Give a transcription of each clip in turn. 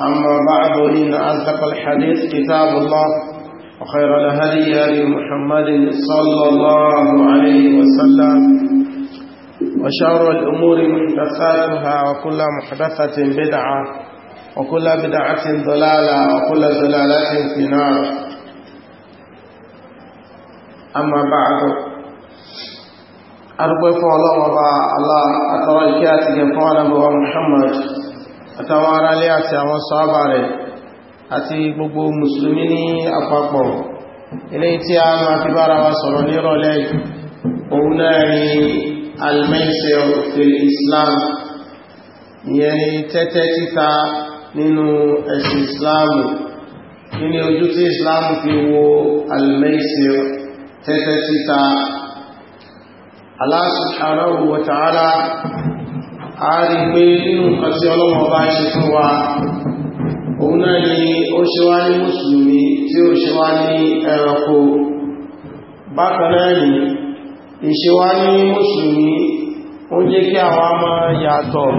أما بعد إن أصدق الحديث كتاب الله وخير الهدي هدي محمد صلى الله عليه وسلم وشر الأمور محدثاتها وكل محدثة بدعة وكل بدعة ضلالة وكل ضلالة في نار أما بعد أربع فعلا وبا الله أترى الكاتب فعلا محمد àtàwọn aráalé àti àwọn sàábà rẹ̀ àti gbogbo mùsùlùmí ní àpapọ̀ ilé tí a máa fi bára wa sọ̀rọ̀ ní rọ̀lẹ́ òun náà ni almaisir fil islam ìyẹn ni tẹ́tẹ́ títa nínú ẹ̀sìn islamu nínú ojú tí islamu fi wo almaisir tẹ́tẹ́ títa Allah subhanahu a rí pé nínú nǹkan tí ọlọ́wọ́ bá ṣe fún wa òun náà ni ó ṣe wá ní mùsùlùmí tí ó ṣe wá ní ẹranko bákan náà ni ìṣe wá ní mùsùlùmí ó jẹ́ kí àwa máa yàtọ̀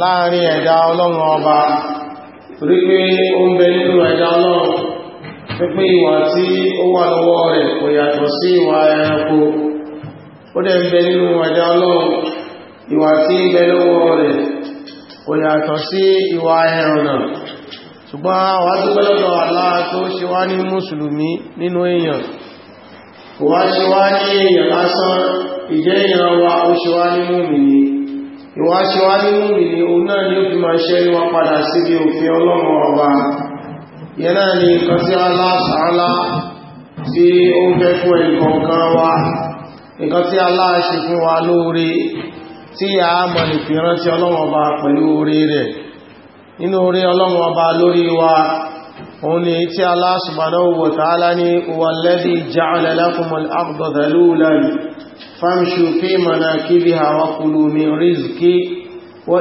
láàrin ẹ̀dá ọlọ́run ọba torí pé ó ń bẹ nínú ẹ̀dá ọlọ́run ó dẹ̀ ń bẹ nínú ẹ̀dá ọlọ́run ìwà tí ń bẹ lọ́wọ́ rẹ̀ kò yàtọ̀ sí ìwà ẹ̀rọ̀nà ṣùgbọ́n wà tó pẹ́lọ́dọ̀ Allah tó ṣe wá ní mùsùlùmí nínú èèyàn kò ṣe wá ní èèyàn lásán ìjẹ́ èèyàn wa ó ṣe wá ní mùmìnì ìwà ṣe wá ní mùmìnì òun náà ni ó fi máa ṣẹ́ ní wọ́n padà síbi òfin ọlọ́mọ ọba yẹn náà ni nǹkan tí Allah sàálá tí ó ń fẹ́ fún ẹnìkọ̀ọ̀kan wa nǹkan tí Allah ṣe fún wa lóore tí a mọ̀ ní fìrántí ọlọ́run ọba pẹ̀lú orí rẹ̀ nínú orí ọlọ́run ọba lórí wa òun ni tí Allah subhanahu wa ta'ala ní walladhi ja'ala lakumul arda dhalulan famshu fi manakibiha wa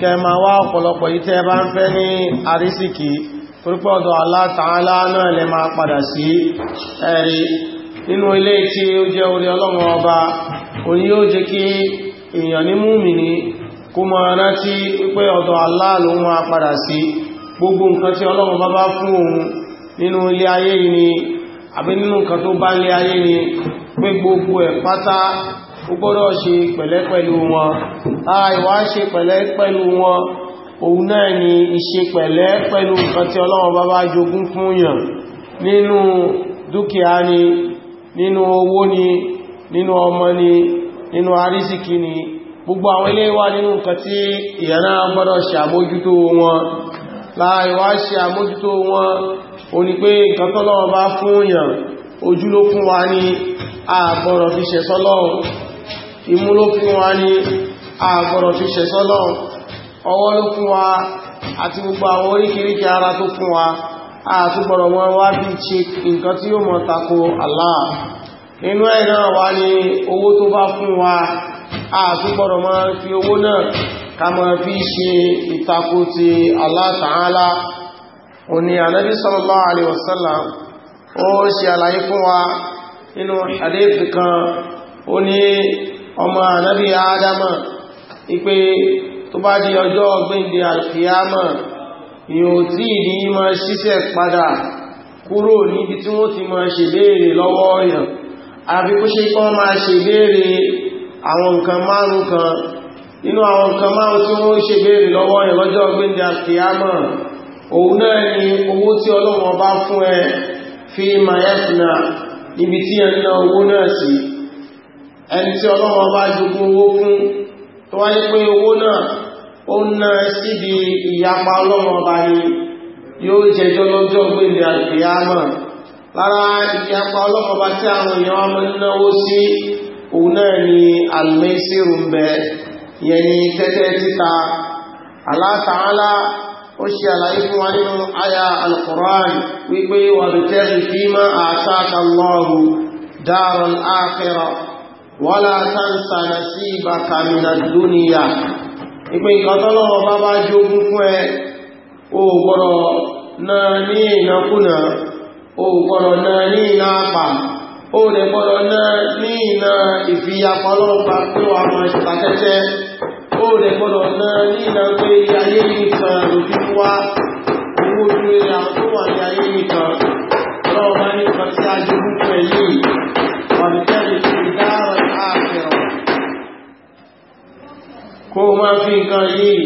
kẹma wá ọ̀pọ̀lọpọ̀ ìtẹ́ bá ń fẹ́ ní àrísìkí torípọ̀dọ̀ Allah Ta'ala náà lè máa padà sí ẹ̀rí nínú ilé tí ó jẹ́ orí ọlọ́run ọba orí yóò jẹ́ kí èèyàn ní múmìnì kó tí ni o gbọ́dọ̀ ṣe pẹ̀lẹ́ pẹ̀lú wọn àìwá ṣe pẹ̀lẹ́ pẹ̀lú wọn òun náà ni ìṣe pẹ̀lẹ́ pẹ̀lú nǹkan tí Ọlọ́run bá bá jogún fún yàn nínú dúkìá ni nínú owó ni nínú ọmọ ni nínú arísìkí ni gbogbo àwọn ilé wà nínú nǹkan tí ìyànà gbọ́dọ̀ ṣe àmójútó wọn láìwá ṣe àmójútó wọn o ni pé nǹkan tọ́lọ́wọ́ bá fún yàn ojú ló fún wa ní àbọ̀rọ̀ fi ṣẹ̀sọ́lọ́wọ́ imú ló fún wa ní àgbọ̀rọ̀ fi ṣẹ̀ sọ́lọ́ ọwọ́ ló fún wa àti gbogbo àwọn oríkìríkì ara tó fún wa àtúgbọ̀rọ̀ wọn wá bí ṣe nǹkan tí ó mọ̀ tako Allah inú ẹ̀ náà wá ní owó tó bá fún wa àtúgbọ̀rọ̀ mọ́ fi owó náà ká mọ́ fi ṣe ìtako ti Allah Ta'ala òní ànábí sallallahu alaihi wasallam ó ṣe àlàyé fún wa nínú hadith kan ó ní ọmọ ànábì Ádámà ipé tó bá di ọjọ́ ọgbẹ́ndẹ̀ alkiyama yóò tí ìdí ma ṣíṣẹ̀ padà kúrò níbi tí wọ́n ti ma ṣe béèrè lọ́wọ́ ọ̀yàn àbí kó ṣe kọ́ ma ṣe béèrè àwọn nǹkan márùn kan nínú àwọn nǹkan márùn tí wọ́n ṣe béèrè lọ́wọ́ ọ̀yàn lọ́jọ́ ọgbẹ́ndẹ̀ alkiyama òun náà ni owó tí Ọlọ́run bá fún ẹ fi ma yẹ́fìnà níbi tí ẹ ń ná owó náà sí ẹni tí ọlọ́wọ́ bá jogún owó fún tó wá ní pé owó náà ó ná síbi ìyapa ọlọ́wọ́ bá ní yóò jẹjọ́ lọ́jọ́ gbẹ̀lẹ̀ àgbéyàmọ̀ lára ìyapa ọlọ́wọ́ bá tí àwọn èèyàn ọmọ náwó sí òun náà ni àlùmẹ́sìrù ń bẹ yẹn ni tẹ́tẹ́ títa Allah ó ṣe àlàyé fún wa nínú àyà al wípé wà bẹ̀tẹ́rì fíìmọ̀ àtàkàlọ́rù dáàrùn áàkẹ́rọ̀ wọ́lá tánsà na sí ìbá kàmìnà dúníyà ìpín ìkọtọ́lọ́wọ́ bá bá jogún fún ẹ ògbọ́rọ̀ náà ní ìnákúnà ògbọ́rọ̀ náà ní ìná àpà ó lè gbọ́rọ̀ náà ní ìná ìfìyàpọ̀lọ́pàá pé wà mọ̀ ṣàtẹ́tẹ́ ó lè gbọ́rọ̀ náà ní ìná pé ayé nìkan lòfin wá owó kó o máa fi nǹkan yìí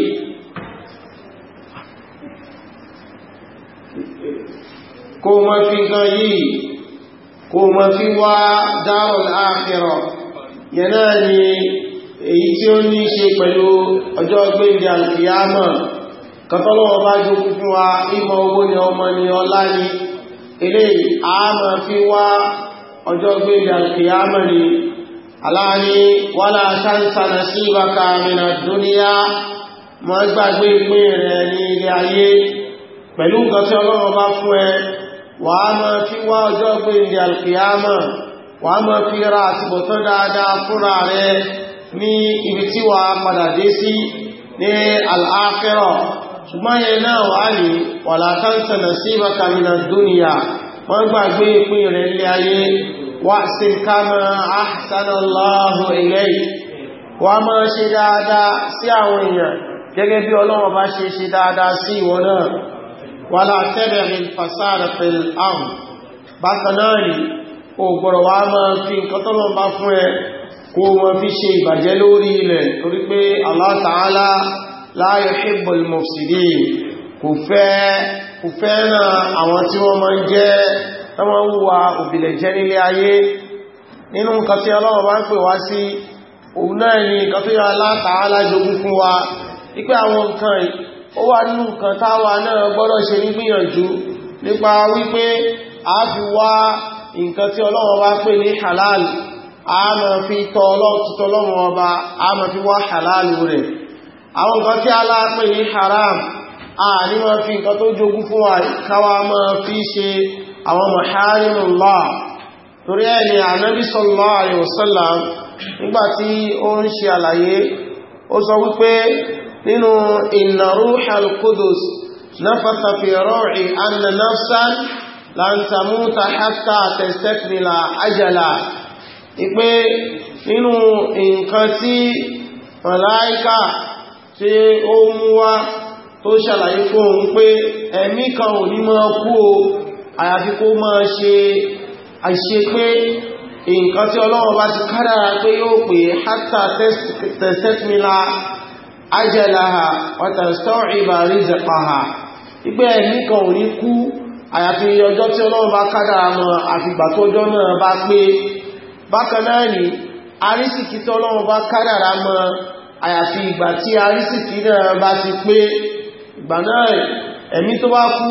kó o máa fi nǹkan yìí kó o máa fi wá dárul akhirah yẹn náà ni èyí tí ó ní ṣe pẹ̀lú ọjọ́ gbéǹdì alkiyama kọtọ́lọ́wọ́ bá jókú fún wa ìmọ̀ owó ni ọmọ ni ọlá ni eléyìí a fi wá ọjọ́ gbéǹdì alkiyama ni aláàní wọ́lá sánsánà sí ìwàkà mìnà dúníyà mọ́ gbàgbé ìpín rẹ̀ ní ilé ayé pẹ̀lú nǹkan tí ọlọ́run bá fún ẹ wà á mọ́ fi wá ọjọ́ gbé ìdí alkiyama wà á mọ́ fi ra àtìbò tó dáadáa fúnra rẹ̀ ní ibi tí wà padà dé sí ní al'afẹ́rọ̀ ṣùgbọ́n yẹn náà wà ní واحسن كما أحسن الله إليك وما شدادا سياوية gẹ́gẹ́ bí ọlọ́wọ́ bá ṣe ṣe dáadáa sí ìwọ náà wà látẹ́bẹ̀rẹ̀ fasada fil ard bákanáà ni o gbọ́rọ̀ wá máa fi nǹkan tọ́lọ́ bá fún ẹ kó mọ́ fi ṣe ìbàjẹ́ lórí ilẹ̀ torí pé Allah ta'ala la yuhibbul mufsidin kò fẹ́ àwọn tí wọ́n máa ń jẹ́ tọ́mọ ń wà òbìlẹ̀ jẹ́ nílé ayé nínú nǹkan tí ọlọ́run bá ń pè wá sí òun náà ni nǹkan tó yọ alátàálá jogún fún wa wípé àwọn nǹkan ó wà nínú nǹkan táwa náà gbọ́dọ̀ ṣe ní gbìyànjú nípa wípé a fi wá nǹkan tí ọlọ́run bá pè ní halal a máa fi tọ́ ọlọ́run ọba a haram a ní máa fi nǹkan tó jogún àwọn maharimullah torí ẹni ànábì sallallahu alaihi wasallam nígbàtí ó ń ṣe àlàyé ó sọ wípé nínú ruhal qudus nafatha nafsan lan ajala ìpé nínú nǹkan tí màláíkà tí ó mú wá tó ṣàlàyé fún àyàfi kó máa ṣe àṣe pé nǹkan tí ọlọ́run bá ti kádàrá pé yóò pè hátà tẹ́sẹ̀tìmílá ajẹ́láha ọ̀tàṣọ́ ìbàrí zẹ̀pàá ìgbẹ́ ẹ̀mí kan ò ní kú àyàfi ọjọ́ tí ọlọ́run bá kádàrá mọ́ àfìgbà tó ọjọ́ náà bá pé bákan náà ni arísìkí tí ọlọ́run bá kádàrá mọ́ àyàfi ìgbà tí arísìkí náà bá ti pé ìgbà náà ẹ̀mí tó bá kú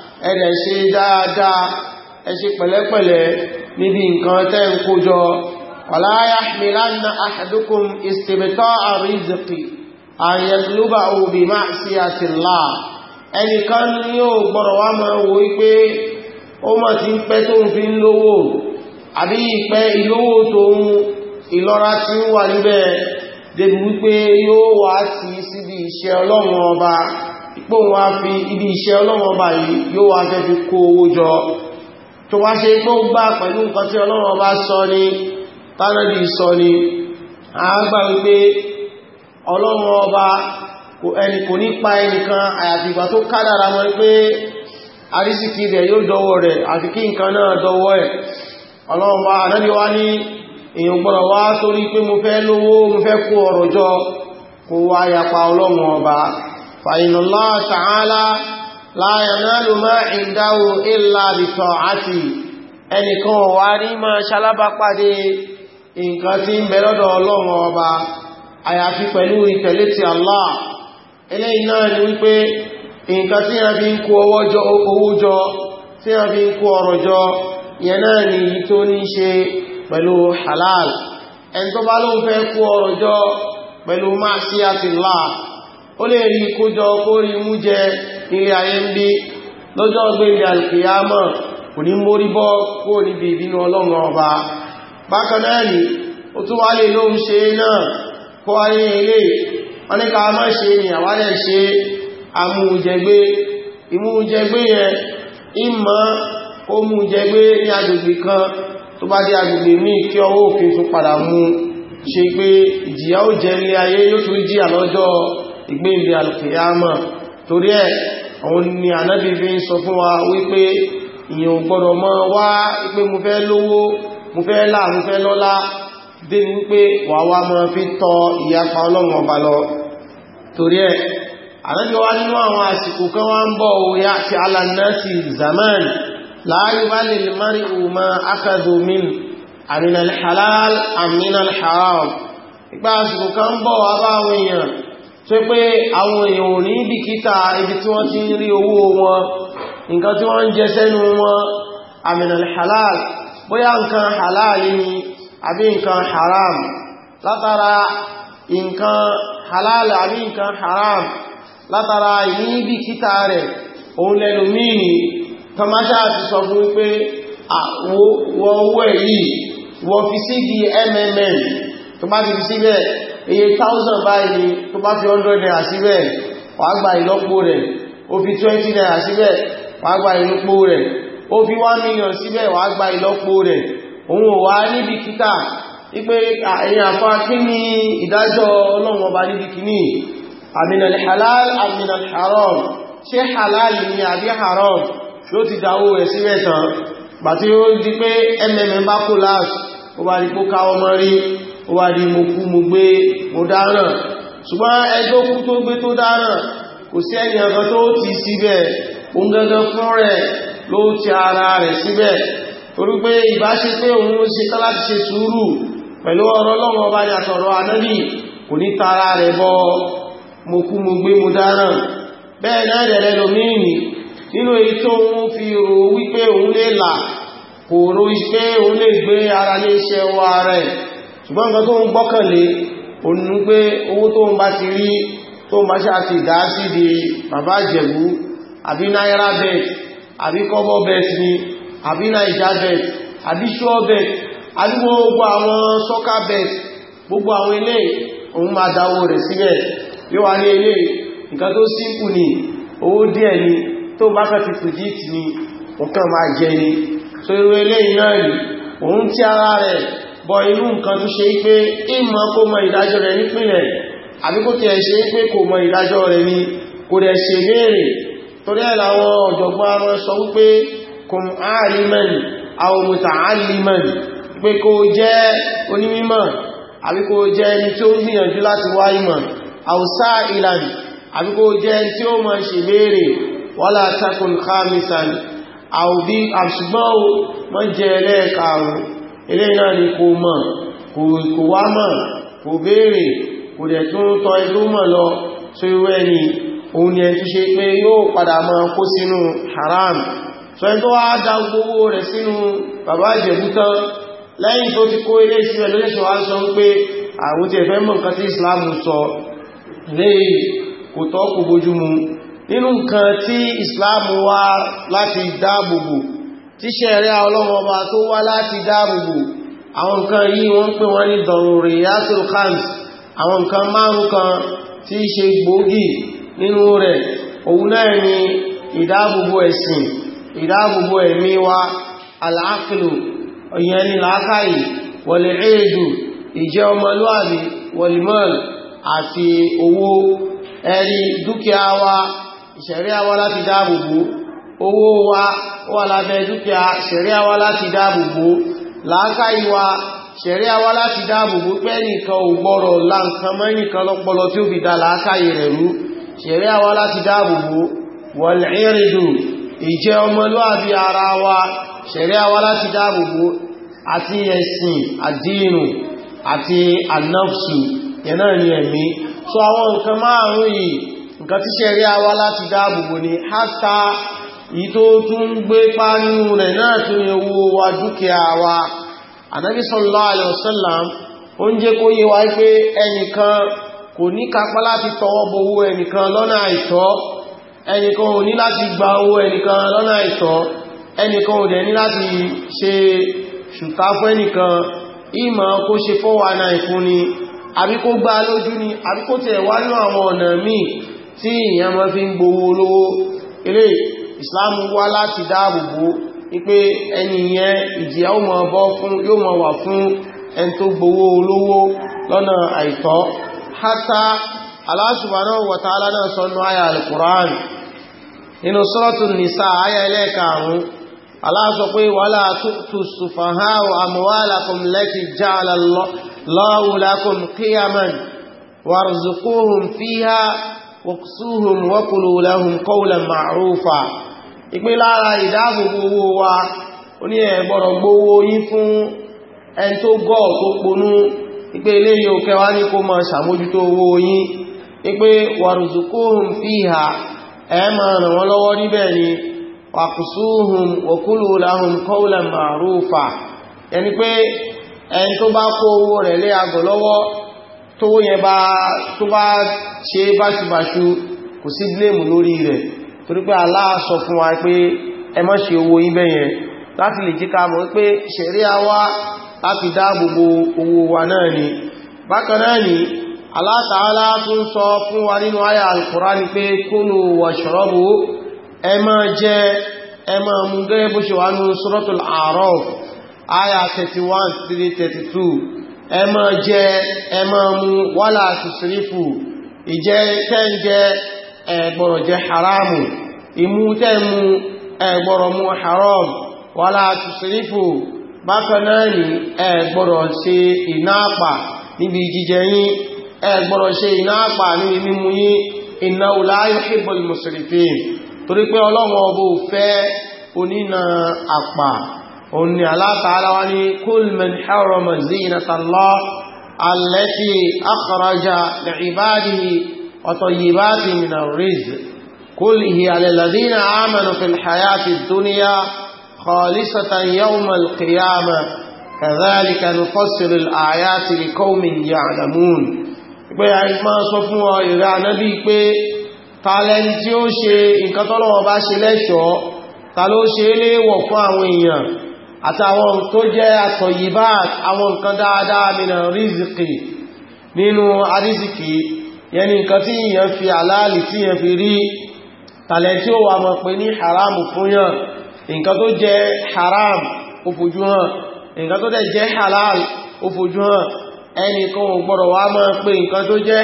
ẹ̀rẹ̀ ṣe dáadáa ẹ ṣe pẹ̀lẹ́pẹ̀lẹ́ níbi nǹkan tẹ́ ń kójọ wala yahmilanna ahadukum istibta'a rizqi an yatlubahu bi ma'siyatillah ẹnìkan ní ó gbọ́rọ̀ wá máa wo wípé ó mọ̀ tí pẹ́ tó ń fi lówó àbí ìpẹ́ ìlówó tó ń ìlọ́ra tí ń wà níbẹ̀ débi wípé yóò wá ti síbi iṣẹ́ ọlọ́run ọba pé òun wá fi ibi iṣẹ́ ọlọ́run ọba yìí yóò wá fẹ́ fi kó owó jọ tó wá ṣe pé ó gbà pẹ̀lú nǹkan tí ọlọ́run ọba sọ ni tánàdì sọ ni a gbà wípé ọlọ́run ọba ẹni kò ní pa ẹnìkan àyàfìgbà tó kádàrà mọ́ pé àrísìkí rẹ̀ yóò dọwọ́ rẹ̀ àti kí wá ní pé mo fẹ́ lówó mo fẹ́ kó ọrọ̀ jọ kó wá yapa ọlọ́run ọba فإن الله تعالى لا ينال ما عنده إلا بطاعته ẹnìkan wà ní máa ṣalábápàdé nǹkan tí ń bẹ lọ́dọ̀ ọlọ́run ọba àyàfi pẹ̀lú ìtẹ̀lé ti Allah eléyìí náà ni wípé nǹkan tí a fi ń kó owó jọ tí a fi ń kó ọrọ̀ jọ yẹn náà ni yí tó ní ṣe pẹ̀lú halal ẹni tó bá ló ń fẹ́ kó ọrọ̀ jọ pẹ̀lú máa sí àtìláà ó lè rí kójọ kórí mú jẹ ilé ayé ń bí lọ́jọ́ ọgbẹ́ ilẹ̀ alkiyama kò ní mórí bọ́ kó níbi ìbínú ọlọ́run ọba bákan ni ó tún wálé ló ń ṣe náà kó ayé ilé ọ́nìká má ṣe ni àwálẹ̀ ṣe amújẹgbé ìmújẹgbé yẹn ìmọ̀ ó ní agbègbè kan tó bá dé agbègbè ní kí ọwọ́ òfin tún padà mú ṣe pé ìjìyà ó jẹ ilé ayé yóò tún ìgbéǹde alkiyama torí ẹ̀ òun ni ànábì fi ń sọ fún wa wípé ìyàn gbọ́dọ̀ mọ́ wá pé mo fẹ́ lówó mo fẹ́ láà mo fẹ́ lọ́lá dé ní pé wà wá mọ́ fi tọ ìyapa ọlọ́run ọba lọ torí ẹ̀ ànábì wá nínú àwọn àsìkò kan tó pé àwọn èèyàn ò ní bìkítà ibi tí wọ́n ti ń rí owó wọn nǹkan tí wọ́n ń jẹ sẹ́nu wọn àmìnàlì halal bóyá nǹkan halal ni àbí nǹkan haram látara nǹkan halal àbí nǹkan haram látara ní bìkítà rẹ̀ òun lẹ́nu míì tọmáṣá ti sọ fún pé wọ́n owó ẹ̀ yìí wọ́n fi sí iye 1000 báyìí tó bá fi 100 naira síbẹ̀ wà gba ìlọ́pò rẹ̀ ó fi 20 naira síbẹ̀ wà gba ìlọ́pò rẹ̀ ó fi 1 million síbẹ̀ wà gba ìlọ́pò rẹ̀ òun ò wá níbi kíkà wípé èyàn àfá kí ní ìdájọ́ ọlọ́run ọba níbi kìíní àmìnàlì halal àmìnàlì haram ṣe halal ni àbí haram ló ti ó wá rí mo kú mo gbé mo dáràn ṣùgbọ́n ẹjọ́ kú tó gbé tó dáràn kò sí ẹ̀yìn ọ̀kan tó ti síbẹ̀ òun gangan fún rẹ̀ ló ti ara rẹ̀ síbẹ̀ torí pé ìbá ṣe pé òun ló ṣe tán ṣe sùúrù pẹ̀lú ọ̀rọ̀ lọ́wọ́ ara ní iṣẹ́ wa rẹ̀ ṣùgbọ́n nǹkan tó ń gbọ́kànlé òun pé owó tó ń bá ti rí tó ń bá ṣe àti ìdásí di bàbá ìjẹ̀bú àbí náírà bet àbí kọ́bọ̀ bet ni àbí naija bet àbí ṣọ́ bet àbí gbogbo àwọn sọ́kà bet gbogbo àwọn ilé òun máa dáwó rẹ̀ síbẹ̀ yóò ní ilé ni owó díẹ̀ ni tó ni ọkàn ni bọ̀ inú nǹkan tó ṣe pé ìmọ̀ kó mọ ìdájọ́ rẹ̀ nípìnlẹ̀ àbí kó tẹ́ ṣe pé kò mọ ìdájọ́ rẹ̀ ni kò rẹ̀ ṣe léèrè torí ẹ̀ láwọn ọ̀jọ̀gbọ́n wọn sọ wípé kum aliman aw muta'alliman pé kó jẹ́ onímímọ̀ àbí kó jẹ́ àwòbí àṣùgbọ́n mọ́ jẹ́ ẹlẹ́ẹ̀kàrùn ilé náà ni kò mọ̀ kò wá mọ̀ kò béèrè kò dẹ̀ tún tọ́ igbó mọ̀ lọ tó irú ẹni òun ni ẹ̀tí ṣe pé yóò padà mọ́ kó sínú haram tó ẹni tó wá dá gbogbo rẹ̀ sínú bàbá ìjẹ̀bú tán lẹ́yìn tó ti kó ilé ìsinmi lóṣèṣọ́ wá sọ pé àwọn tí ẹ̀fẹ́ mọ̀ Islam sọ lè kò tọ́ tí ṣẹ̀rẹ́ ọlọ́run ọba tó wá láti dáàbòbò àwọn nǹkan yìí wọ́n pè wọ́n ní dọ̀rùnrì yasul khams àwọn nǹkan márùn kan tí í ṣe gbòógì nínú rẹ̀ òun náà ni ìdáàbòbò ẹ̀sìn ìdáàbòbò ẹ̀mí wa aláàkìlù ọ̀yẹn ni làákàyè wọlé èèdù ìjẹ́ ọmọlúwàbí ìṣẹ̀rí àwa láti dáàbòbò owó wa wà lábẹ́ dúkìá ṣẹ̀ríà wa láti dáàbòbò làákàyè wa ṣẹ̀ríà wa láti dáàbòbò pé nìkan ò gbọ́rọ̀ láǹkan mọ́ nìkan lọ́pọlọ tí ó fi dá làákàyè rẹ̀ rú ṣẹ̀ríà wa láti dáàbòbò wọ̀lẹ́rìndù ìjẹ́ ọmọlúwàbí wa ṣẹ̀ríà wa láti dáàbòbò àti ẹ̀sìn àdínù àti ànáfsù yẹ̀nà ni so àwọn nǹkan márùn-ún yìí nǹkan tí ṣẹ̀ríà wa ni hátà ìtò tún gbé pánú rẹ̀ náà tún yẹ owó wa dúkìá wa Ànábì sallallahu alaihi wasallam ó ń jẹ́ kó yé wa pé ẹnìkan kò ní kápá láti tọwọ́ bọ owó ẹnìkan lọ́nà àìtọ́ ẹnìkan ò ní láti gba owó ẹnìkan lọ́nà àìtọ́ ẹnìkan ò dẹ̀ ní láti ṣe ṣùtá fún ẹnìkan ìmọ̀ kó ṣe fọ́wà náà ìfún ni àbí kó gbá lójú ni àbí kó tẹ̀ wá ní àwọn ọ̀nà míì tí ìyàn mọ́ fi ń gbowó olówó eléyìí islam wá láti dáàbòbò wípé ẹni yẹn ìjìyà ó mọ̀ bọ́ fún yóò mọ̀ wà fún ẹni tó gbowó olówó lọ́nà àìtọ́ hátá Allah subhanahu wa ta'ala náà sọ́nà àyà al-Qur'an nínú suratul nisa àyà ẹlẹ́ẹ̀kàrún Allah sọ pé wala tu'tu sufahaa ìpé lara ìdáàbòbò owó wa onye ní ẹ̀gbọ́rọ̀ gbówó yín fún ẹni tó gọ́ tó ponú ìpé ilé yóò kẹwa ní kó mọ ṣàmójútó owó yín ìpé wàrùsùkúhùn fíhà ẹ máa ràn wọ́n lọ́wọ́ níbẹ̀ ni wàkùsùhùn wọ̀kúlù owó to torí pé Allah fún wa pé ẹ má ṣe owó yín bẹ́yẹn láti lè jíká mọ̀ pé ṣẹ̀ríà wa láti dáàbòbò owó wa náà ni bákan ni Allah Ta'ala tún sọ fún wa nínú àyà al-Qur'an ni pé kulu washrabu ẹ má jẹ ẹ má mu gẹ́gẹ́ bó ṣe wà ní Suratul A'raf àyà 31-32 ẹ má jẹ ẹgbọ̀rọ̀ jẹ haramu imú tẹ́mú ẹgbọ̀rọ̀ mú haram wala tusrifu bákanáà ní ẹgbọ̀rọ̀ ṣe ìnáàpà níbi jíjẹ yín ẹgbọ̀rọ̀ ṣe ìnáàpà níbi mímú yín innahu la yuhibbul musrifin torí pé ọlọ́run ọbọ̀ fẹ́ onínà àpà وطيبات من الرزق قل هي للذين آمنوا في الحياة الدنيا خالصة يوم القيامة كذلك نفصل الآيات لقوم يعلمون pé a sọ fún ọ ìrẹ́ ànábí pé talent tí ó ṣe nǹkan tọ́lọ́wọ́ bá ṣe lẹ́ṣọ́ ta ló ṣe léèwọ̀ fún àwọn èèyàn àtàwọn tó jẹ́ àtọ̀yìbá àwọn nǹkan dáadáa mìíràn rízìkì nínú àrízìkì yẹn ni nǹkan tí yẹn fi àláàlì tí yẹn fi rí tàlẹ̀ tí ó wà mọ̀ pé ní haram fún yàn nǹkan tó jẹ́ haram ó fojú hàn nǹkan tó dẹ̀ jẹ́ halal ó fojú hàn ẹnìkan ò gbọ́dọ̀ wá mọ̀ pé nǹkan tó jẹ́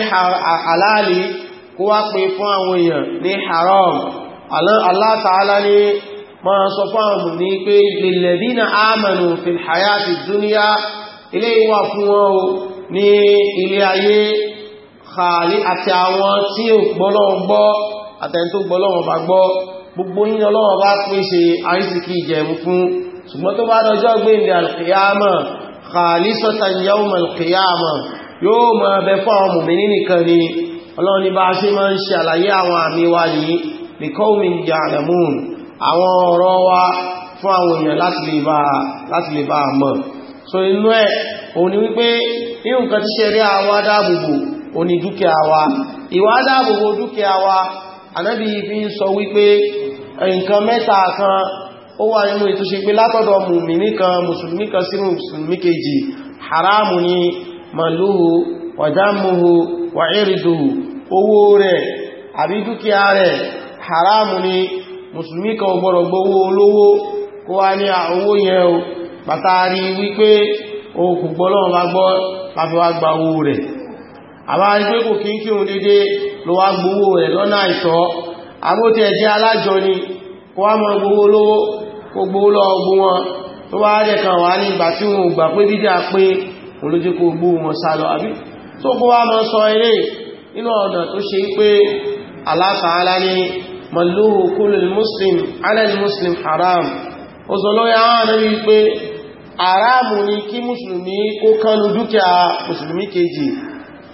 halali kó wá pé fún àwọn èèyàn ní haram Allah ní ma sọ fún àwọn ní pé lilladhina amanu fil hayati dunya ilé ìwà fún wọn ní ilé ayé kààlé àti àwọn tí ò gbọ́lọ́wọ́ gbọ́ àtẹni tó gbọ́lọ́wọ́ bá gbọ́ gbogbo yín Ọlọ́run bá pèsè àrísìkí ìjẹ̀mú fún ṣùgbọ́n tó bá dọjọ́ gbé ilẹ̀ alkiyama khalisatan yawm alkiyama yóò ma ni Ọlọ́run ní bá ṣe máa ń ṣe àlàyé àwọn so inú ẹ̀ òun ni wípé ní nǹkan tí ṣe rí àwọn adáàbòbò oni dúkìá wa ìwà dáàbòbò dúkìá wa anábì fi ń sọ wípé nǹkan mẹ́ta kan ó wà nínú ìtúnṣe pé látọ̀dọ̀ mùmìnì kan mùsùlùmí kan sí mùsùlùmí kejì haramu ni màlúhù wàdámuhù wàírídùhù owó rẹ̀ àbí dúkìá rẹ̀ haramu ni mùsùlùmí kan gbọ́rọ̀ olówó kó wá ní owó yẹn o pàtàrí wípé o kò àwọn arígbé kò kí ń kí òun dédé ló wá gbowó rẹ̀ lọ́nà àìtọ́ àmótí ẹ̀jẹ́ alájọ ni kó wá mọ gbowó lówó kó gbowó lọ ọgbó wọn tó wá rẹ̀ kan wà ní ìgbà tí wọn gbà pé dídá pé òun ló wọn sá Allah Ta'ala ni mọ̀lúhù muslim alẹ́lì muslim haram ó sọ lórí àwọn ànábì pé haram ni kí mùsùlùmí kó kánú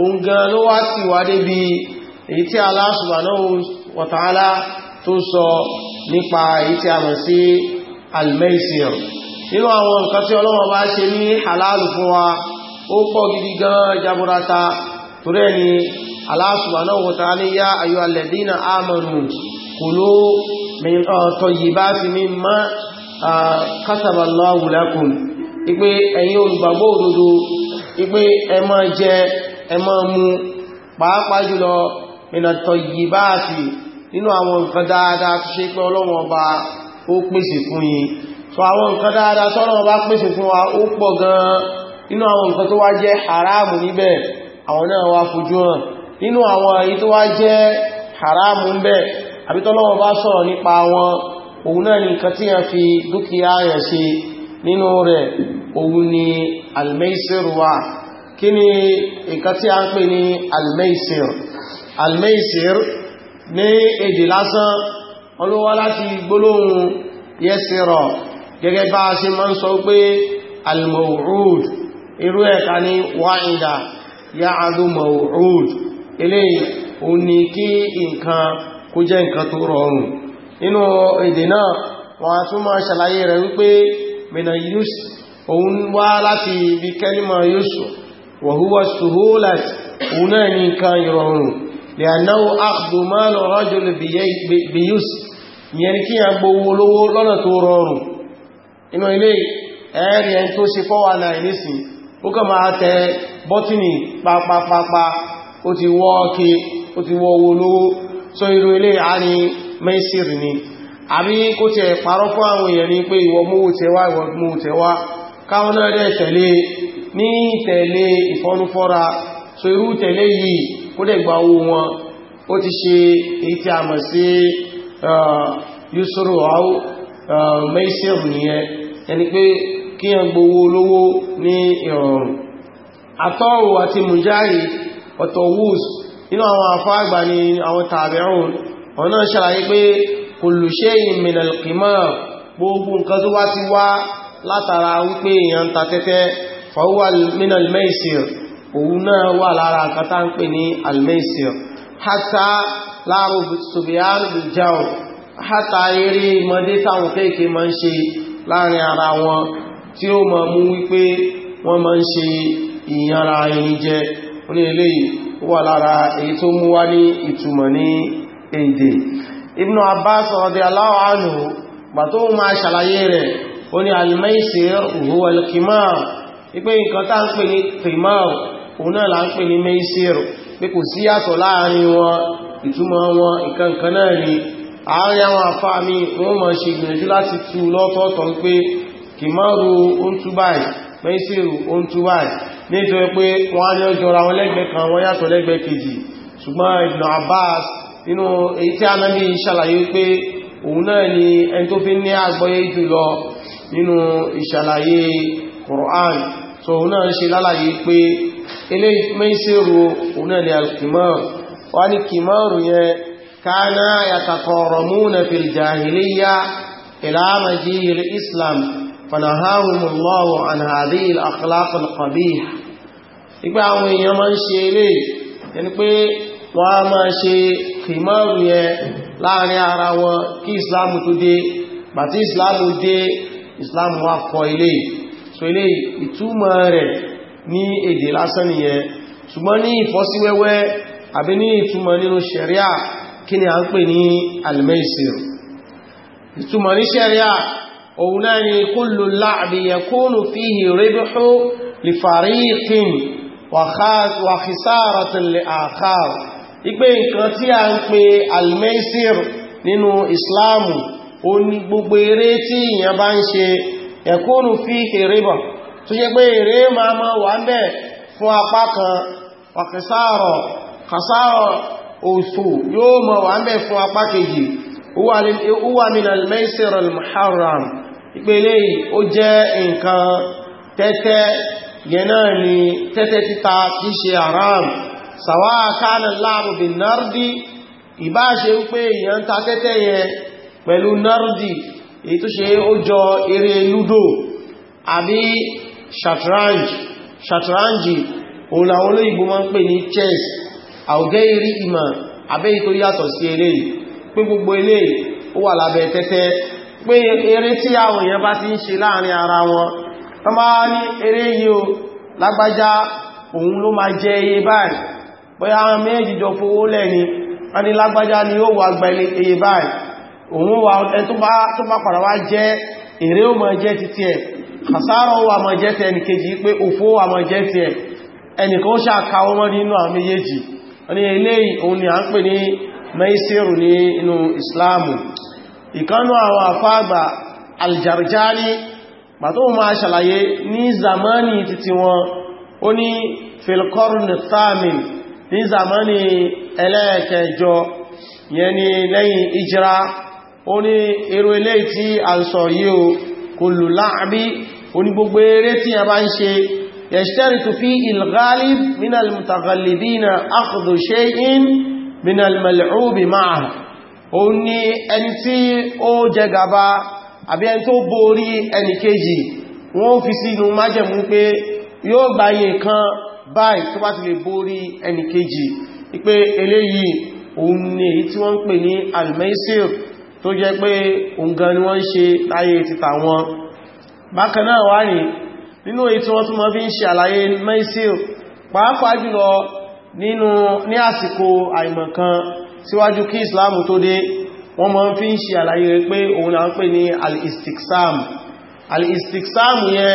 òun gan ló wá sí wà débi èyí tí Allah subhanahu wa ta'ala tó sọ nípa èyí tí a mọ̀ sí al-maisir nínú àwọn nǹkan tí Ọlọ́run bá ṣe ní halalu fún wa ó pọ̀ gidi gan jaburata torí ẹni Allah subhanahu wa ta'ala ya ayyuhal ladhina amanu ìpé uh, uh, ẹ̀yin olùgbàgbọ́ òdodo ìpé ẹ jẹ ẹ ọmụ mú pàápàá jùlọ ìnàtọ̀ yìí bá àti nínú àwọn nǹkan dáadáa tó ṣe pé ọlọ́wọ́n bá ó pèsè fún yín so àwọn nǹkan dáadáa tọ́lọ́wọ́n bá pèsè fún wa ó pọ̀ gan-an nínú àwọn nǹkan tó wá jẹ́ haramu níbẹ̀ àwọn hàn nínú àwọn èyí haramu ń bẹ̀ àbí tọ́lọ́wọ́n bá sọ̀rọ̀ nípa wọn òun náà ni nǹkan tí a fi dúkìá rẹ̀ ṣe nínú rẹ̀ òun ni kí ni nǹkan tí a ń pè ní almeisir almeisir ní èdè lásán olówá láti gbólóhùn yẹsìrọ̀ gẹ́gẹ́ bá a ṣe máa ń sọ pé almawud irú ẹ̀ka ní wáìdà ya adó mawud eléyìí o ní kí nǹkan kó jẹ́ nǹkan tó rọrùn nínú èdè náà wọ́n tún máa ṣàlàyé rẹ̀ wípé mena yusuf òun wá láti ibi kẹ́límà yusuf وهو السهولة هناني كان يرون لأنه أخذ مال رجل بيسر kí a lọ́nà tó rọrùn inú ilé ẹ̀rì ẹni tó ṣe fọ́wà náà ó kàn máa tẹ bọ́tìnì pàpàpàpà ó ti wọ́ ọkẹ ó ti wọ́ owó sọ irú ilé àárí mẹ́sìrì ni àbí kó tẹ pàrọ fún àwọn èèyàn ní pé ìwọ mówó tẹwà ìwọ mówó tẹwà káwọn náà dẹ̀ tẹ̀lé ní tẹ̀lé ìfọ́núfọ́ra so irú tẹ̀lé yìí kó dẹ̀ gba owó wọn ó ti ṣe èyí tí a mọ̀ sí yusuru au meisir nìyẹn ẹni pé kí yàn gbowó olówó ní ìrọ̀rùn àtọ́wò àti mujari ọ̀tọ̀ wus inú àwọn afọ́gbà ni àwọn tàbíhùn wọn náà ṣàlàyé pé kullu shay'in min al-qimar gbogbo nǹkan tó wá ti wá fọwọ́ min al-maisir òun náà wà lára àkátá ń pè ní al-maisir hátà láàrù subiyan biljau hátà eré mọ́dé táwọn kéèké ma ń ṣe láàrin ara wọn tí ó ma mú wípé wọ́n ma ń ṣe ìyanra ẹni jẹ ní ilé wà lára èyí tó mú wá ní ìtumọ̀ ní èdè Ibn Abbas radiyallahu anhu gbà ipé nǹkan tá ń pè ní primal òun náà là ń pè ní meisir pé kò sí yàtọ̀ láàrin wọn ìtumọ̀ wọn nǹkan náà ni àárín àwọn afá mi wọ́n mọ̀ ṣe ìgbìyànjú láti tú lọ́tọ̀ọ̀tọ̀ pé kìmọ́rù ó ń tú báyìí mẹ́sìrù ó ń tú báyìí nítorí pé wọ́n á ní ọjọ́ra wọn lẹ́gbẹ̀ẹ́ kan wọ́n yàtọ̀ ni ẹni tó fi ní àgbọ́yé jùlọ nínú ìṣàlàyé Qur'an so òun náà ń ṣe lálàyé pé ilé mẹ́sẹ̀rọ òun náà ni alkimar wá ní kimaru yẹn káná yàtàkọ̀ọ̀rọ̀ múnà fi jahiliya ìlàmàjí ilẹ̀ islam fanahahumullahu an hadhi al-akhlaq al-qabih ìgbà àwọn èèyàn máa ń ṣe ilé ẹni pé wọ́n a máa ṣe kimaru yẹn láàrin ara so ilé ìtumọ̀ rẹ̀ ní èdè lásán nìyẹn ṣùgbọ́n ní ìfọ́síwẹ́wẹ́ àbí ní ìtumọ̀ nínú ṣẹ̀ríà kí ni a ń pè ní al-maisir ìtumọ̀ ní ṣẹ̀ríà òun náà ni kullu la'bi yakunu fihi ribhu li fariqin ẹ̀kúnù fi èrè bọ̀ tó jẹ́ pé èrè máa máa wà ń bẹ̀ fún apá kan ọ̀kẹsàárọ̀ kàsàárọ̀ òsù yóò máa wà ń bẹ̀ fún apá kejì huwa min al-maisir al-muharram ìpele ó jẹ́ nǹkan tẹ́tẹ́ yẹ̀nà ni tẹ́tẹ́ títa kìí ṣe haram sàwá kánà láàrù bí nardi ìbá ń pé èèyàn tẹ́tẹ́ yẹn pẹ̀lú nardi èyí tó ṣe ó jọ eré lúdò àbí shatranj shatranji òun àwọn olóyìnbó máa ń pè ní chess àwọ̀gẹ́ irí ìmọ̀ àbẹ́yí tó yàtọ̀ sí eré pé gbogbo ilé ó wà lábẹ́ tẹ́tẹ́ pé eré tí àwọn èèyàn bá ti ń ṣe láàrin ara wọn tó máa ní eré yìí o lágbájá òun ló máa jẹ iye báyìí bóyá àwọn fowó lẹ́ni wọ́n ní lágbájá ni ó wà gba iye báyìí òun wa ẹn tó bá padà wá jẹ́ èrè ó mọ̀ jẹ́ títí ẹ̀ àsárọ̀ wà mọ̀ jẹ́ ti ẹni kejì pé òfó wà mọ̀ jẹ́ ti ẹ̀ ẹnìkan ó ṣàkà wọ́n nínú àmì yéjì ní ilé òun ni a ń pè ní mẹ́sírù ní inú islamu ìkanú àwọn àfáàgbà aljarjani bàtó ma ṣàlàyé ní zamani títí wọn ó ní filkorn thamin ní zamani ẹlẹ́ẹ̀kẹjọ yẹni lẹ́yìn ìjírá ó ní eré ilé tí a ń sọ yìí o kò lù láàbí oní gbogbo eré tí a bá ń ṣe yẹ̀ṣẹ́rì tó fi ìlgáàlì minal mutaghallidina akhdhu shay'in minal mal'ubi máa ó ní ẹni tí ó jẹ gàba àbí ẹni tó borí ẹni kejì wọ́n fi sínú májẹ̀mú pé yóò gbáyé kan báyìí tó bá ti lè borí ẹni kejì ipé eléyìí òun ni èyí tí wọ́n ń pè ní al tó jẹ́ pé ǹgan ni wọ́n ń ṣe táyé títà wọn bákan náà wá ní nínú èyí tí wọ́n tún mọ́ fi ń ṣe àlàyé mẹ́síl pàápàá jùlọ nínú ní àsìkò àìmọ̀kan síwájú kí islamu tó dé wọ́n mọ́ fi ń ṣe àlàyé rẹ̀ pé òun náà pè ní al-istiksam al-istiksam yẹ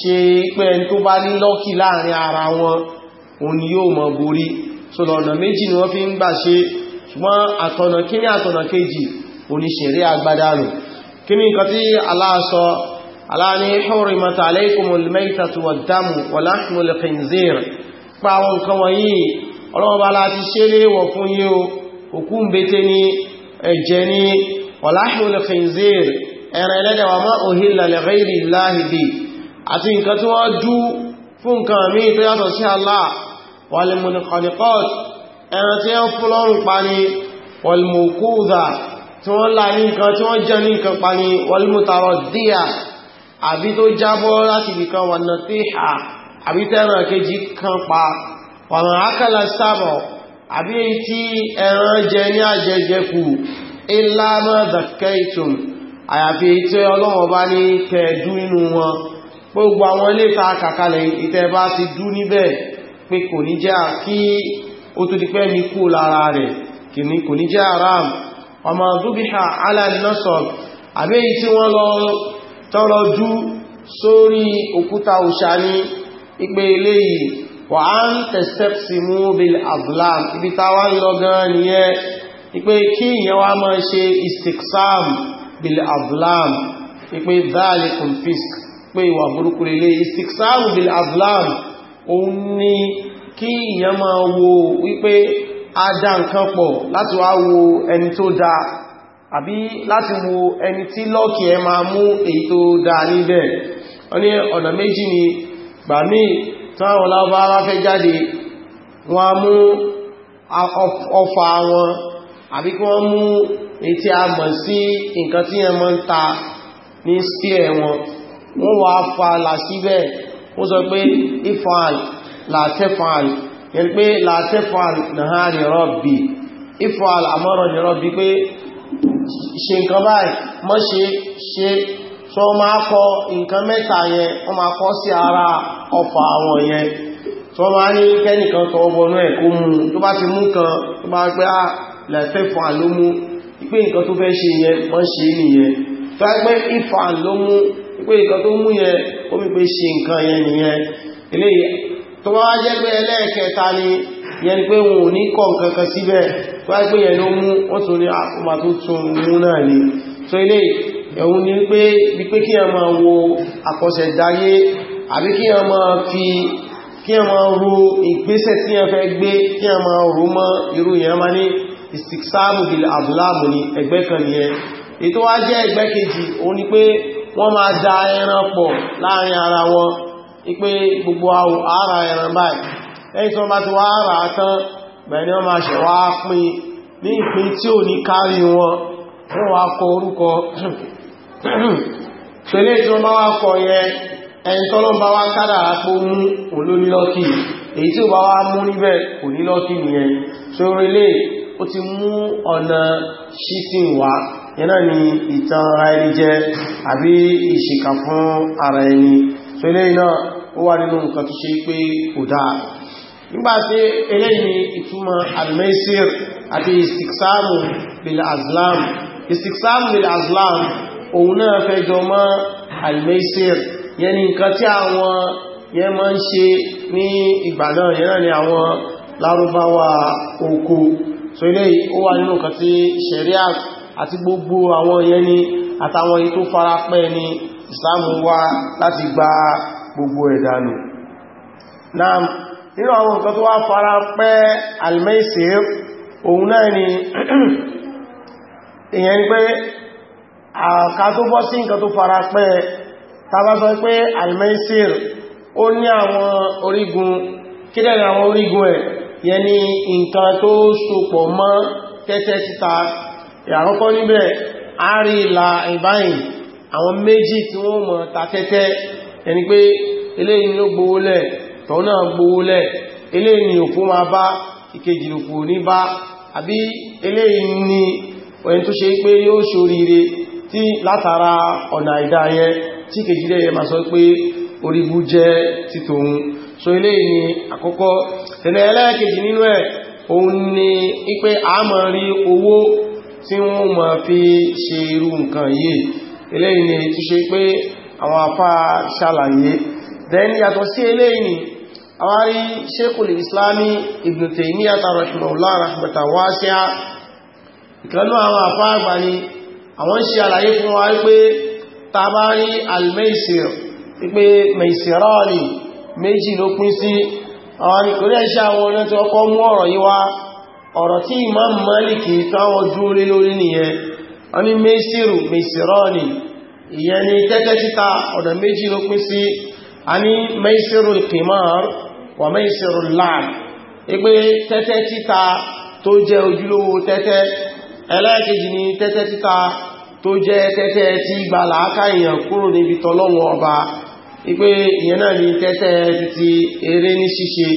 ṣe pé ẹni tó bá ní lọ́kì láàrin ara wọn òun ni yóò mọ̀ borí so lọ́nà méjì ni wọ́n fi ń gbà ṣe ṣùgbọ́n àtọ̀nà kíní àtọ̀nà kejì oníṣẹ̀rí agbádárùn kíní nǹkan tí Allah sọ Allah ní hurrimat alaykumul maytatu wad damu wa lahmul khinzir nǹkan wọ̀nyí ọlọ́wọ́ bá láti ṣe léèwọ̀ fún yín àti nǹkan tí wọ́n dú fún nǹkan mí tó yàtọ̀ sí Allah wal-munkhaniqat ẹran tí wọ́n fún lọ́rùn pa ni wal-mawqudha tí wọ́n lá ní nǹkan tí wọ́n jẹ́ ní nǹkan pa ni wal-mutaraddiya àbí tó jábọ́ láti nìkan wà àyàfi tí ọlọ́wọ́ bá ní kẹ́ẹ̀dú nínú wọn gbogbo àwọn ilé ta kàkalẹ̀ ìtẹ́bá ti dú níbẹ̀ pé kò ní jẹ́ kí ó tó di pẹ́ ní kú lára rẹ̀ kò ní jẹ́ aram ọmọ dúbíhà alẹ́nasọ̀n àbẹ́yí tí wọ́n lọ tọ́rọ jú sórí òkúta òṣà ní ipé ilé yìí wà á ń tẹ̀sẹ̀psì mú bil ablam ibi táwà ń lọ gan nìyẹn ipé kí ìyẹn wá máa ṣe istiksam bil ablam ipé dhalikum fisk pé ìwà burúkú lélé istiksaru bil azlam òun ni kí ìyàn máa wo wípé a dá nǹkan pọ̀ láti wá wo ẹni tó dáa àbí láti wo ẹni tí lọ́kì ẹ máa mú èyí tó dáa níbẹ̀ wọ́n ní ọ̀nà méjì ni gbà mí táwọn lábára fẹ́ jáde wọ́n mú ọfà wọn àbí kí wọ́n mú èyí tí a mọ̀ sí nǹkan tí ẹ mọ́ ń ta ní sí ẹ̀wọ̀n wọ́n wá fa làṣíbẹ̀ ó sọ pé ifal làtẹ́fal yẹn pé làtẹ́fal náà ni rọ́bì ifal àmọ́rọ̀ ni rọ́bì pé ṣe nǹkan báyìí mọ́ ṣe ṣe tó máa kọ nǹkan mẹ́ta yẹn wọ́n máa kọ́ sí ara ọfà àwọn yẹn tó máa ní kẹ́nìkan tọ ọgbọ̀nú ẹ̀ pé nǹkan tó mú yẹn ó mi pé ṣe nǹkan yẹn nìyẹn eléyìí tó bá jẹ́ pé ẹlẹ́ẹ̀kẹta ni yẹn pé wọn ò ní kọ̀ nǹkan kan síbẹ̀ tó bá pé yẹn ló mú ó tún ní àkómà tó tún mú náà ni so eléyìí ẹ̀hun ni pé wípé kí ẹmọ wo àkọsẹ̀ dáyé àbí kí ẹmọ fi kí ẹmọ ro ìgbésẹ̀ tí ẹ fẹ́ gbé kí ẹmọ ro mọ́ irú yẹn máa ní ìsìksáàmù ìlà àbúláàmù ni ẹgbẹ́ kan nìyẹn ètò wá jẹ́ ẹgbẹ́ kejì òun ni pé wọ́n máa da ẹran pọ̀ láàrin ara wọn ipé gbogbo ara ẹran báyìí ẹni tí wọ́n bá ti wá ara tán bẹ̀rẹ̀ wọ́n máa ṣẹ̀wá pín ní ìpín tí ò ní kárí wọn wọ́n wá kọ orúkọ pẹ̀lẹ́ tí wọ́n bá wá kọ yẹ ẹni tọ́lọ́ bá wá kádàrá pó mú olónílọ́kì èyí tí ó bá wá mú níbẹ̀ kò nìyẹn sórí ó ti mú ọ̀nà ṣísìn wá yẹ́nà ni ìtàn ara ẹni jẹ́ àbí ìṣìkà fún ara ẹni so eléyìí náà ó wà nínú nǹkan tó ṣe pé kò dáa nígbàtí eléyìí ìtumọ̀ al-maisir àti istiksamu bil azlam istiksamu bil azlam òun náà fẹ́ jọ mọ́ al-maisir yẹn ni nǹkan tí àwọn yẹn máa ń ṣe ní ìgbà náà yẹn ni àwọn lárúbáwà oko so eléyìí ó wà nínú nǹkan tí shariat àti gbogbo àwọn yẹn ni àtàwọn èyí tó fara pẹ́ ni ìsìláàmù wá láti gba gbogbo ẹ̀dànù náà nínú àwọn nǹkan tó wá fara pẹ́ almaisir náà ni èyàn ni pé àká tó bọ́ sí nǹkan tó fara pẹ́ tàbá sọ pé almaisir ó ní àwọn orígun kílẹ̀ àwọn orígun ẹ̀ yẹn ni nǹkan tó sopọ̀ mọ́ tẹ́tẹ́ títa àkọ́kọ́ níbẹ̀ àárí ìlà ìbáyìn àwọn méjì tí wọ́n mọ̀ takẹ́kẹ́ ẹni pé eléyìn ló gbówólẹ̀ tọ́ náà gbówólẹ̀ eléyìn òkú ma bá ìkejì òkú ní bá àbí eléyìn ni ọ̀yẹn tó ṣe pé yóò ṣoríire tí látara ọ̀nà àìdá yẹn tí ti àkọ́kọ́ tí wọ́n ma fi ṣe irú nǹkan yìí eléyìí ni tí ṣe pé àwọn apá ṣàlàyé then yàtọ̀ sí eléyìí ni àwárí Sheikhul Islami Ibn Taymiyyah rahimahullah rahmatan wasi'a ìkanú àwọn apá àgbà ni àwọn ṣe àlàyé fún wa wípé tabari al-maisir wípé maisirani méjì ló pín sí ọ̀rọ̀ tí Imam Maliki táwọn dúró lórí nìyẹn wọ́n ní mẹ́sìrù mẹ́sìrọ́nì ìyẹn ni tẹ́tẹ́ títa ọ̀nà méjì ló pín sí a ní mẹ́sìrù kìmar wà mẹ́sìrù láà ipé tẹ́tẹ́ títa tó jẹ́ ojúlówó tẹ́tẹ́ ẹlẹ́ẹ̀kejì ni tẹ́tẹ́ títa tó jẹ́ tẹ́tẹ́ tí gba làákà èèyàn kúrò níbi ìyẹn náà ni tẹ́tẹ́ ti eré ní ṣíṣe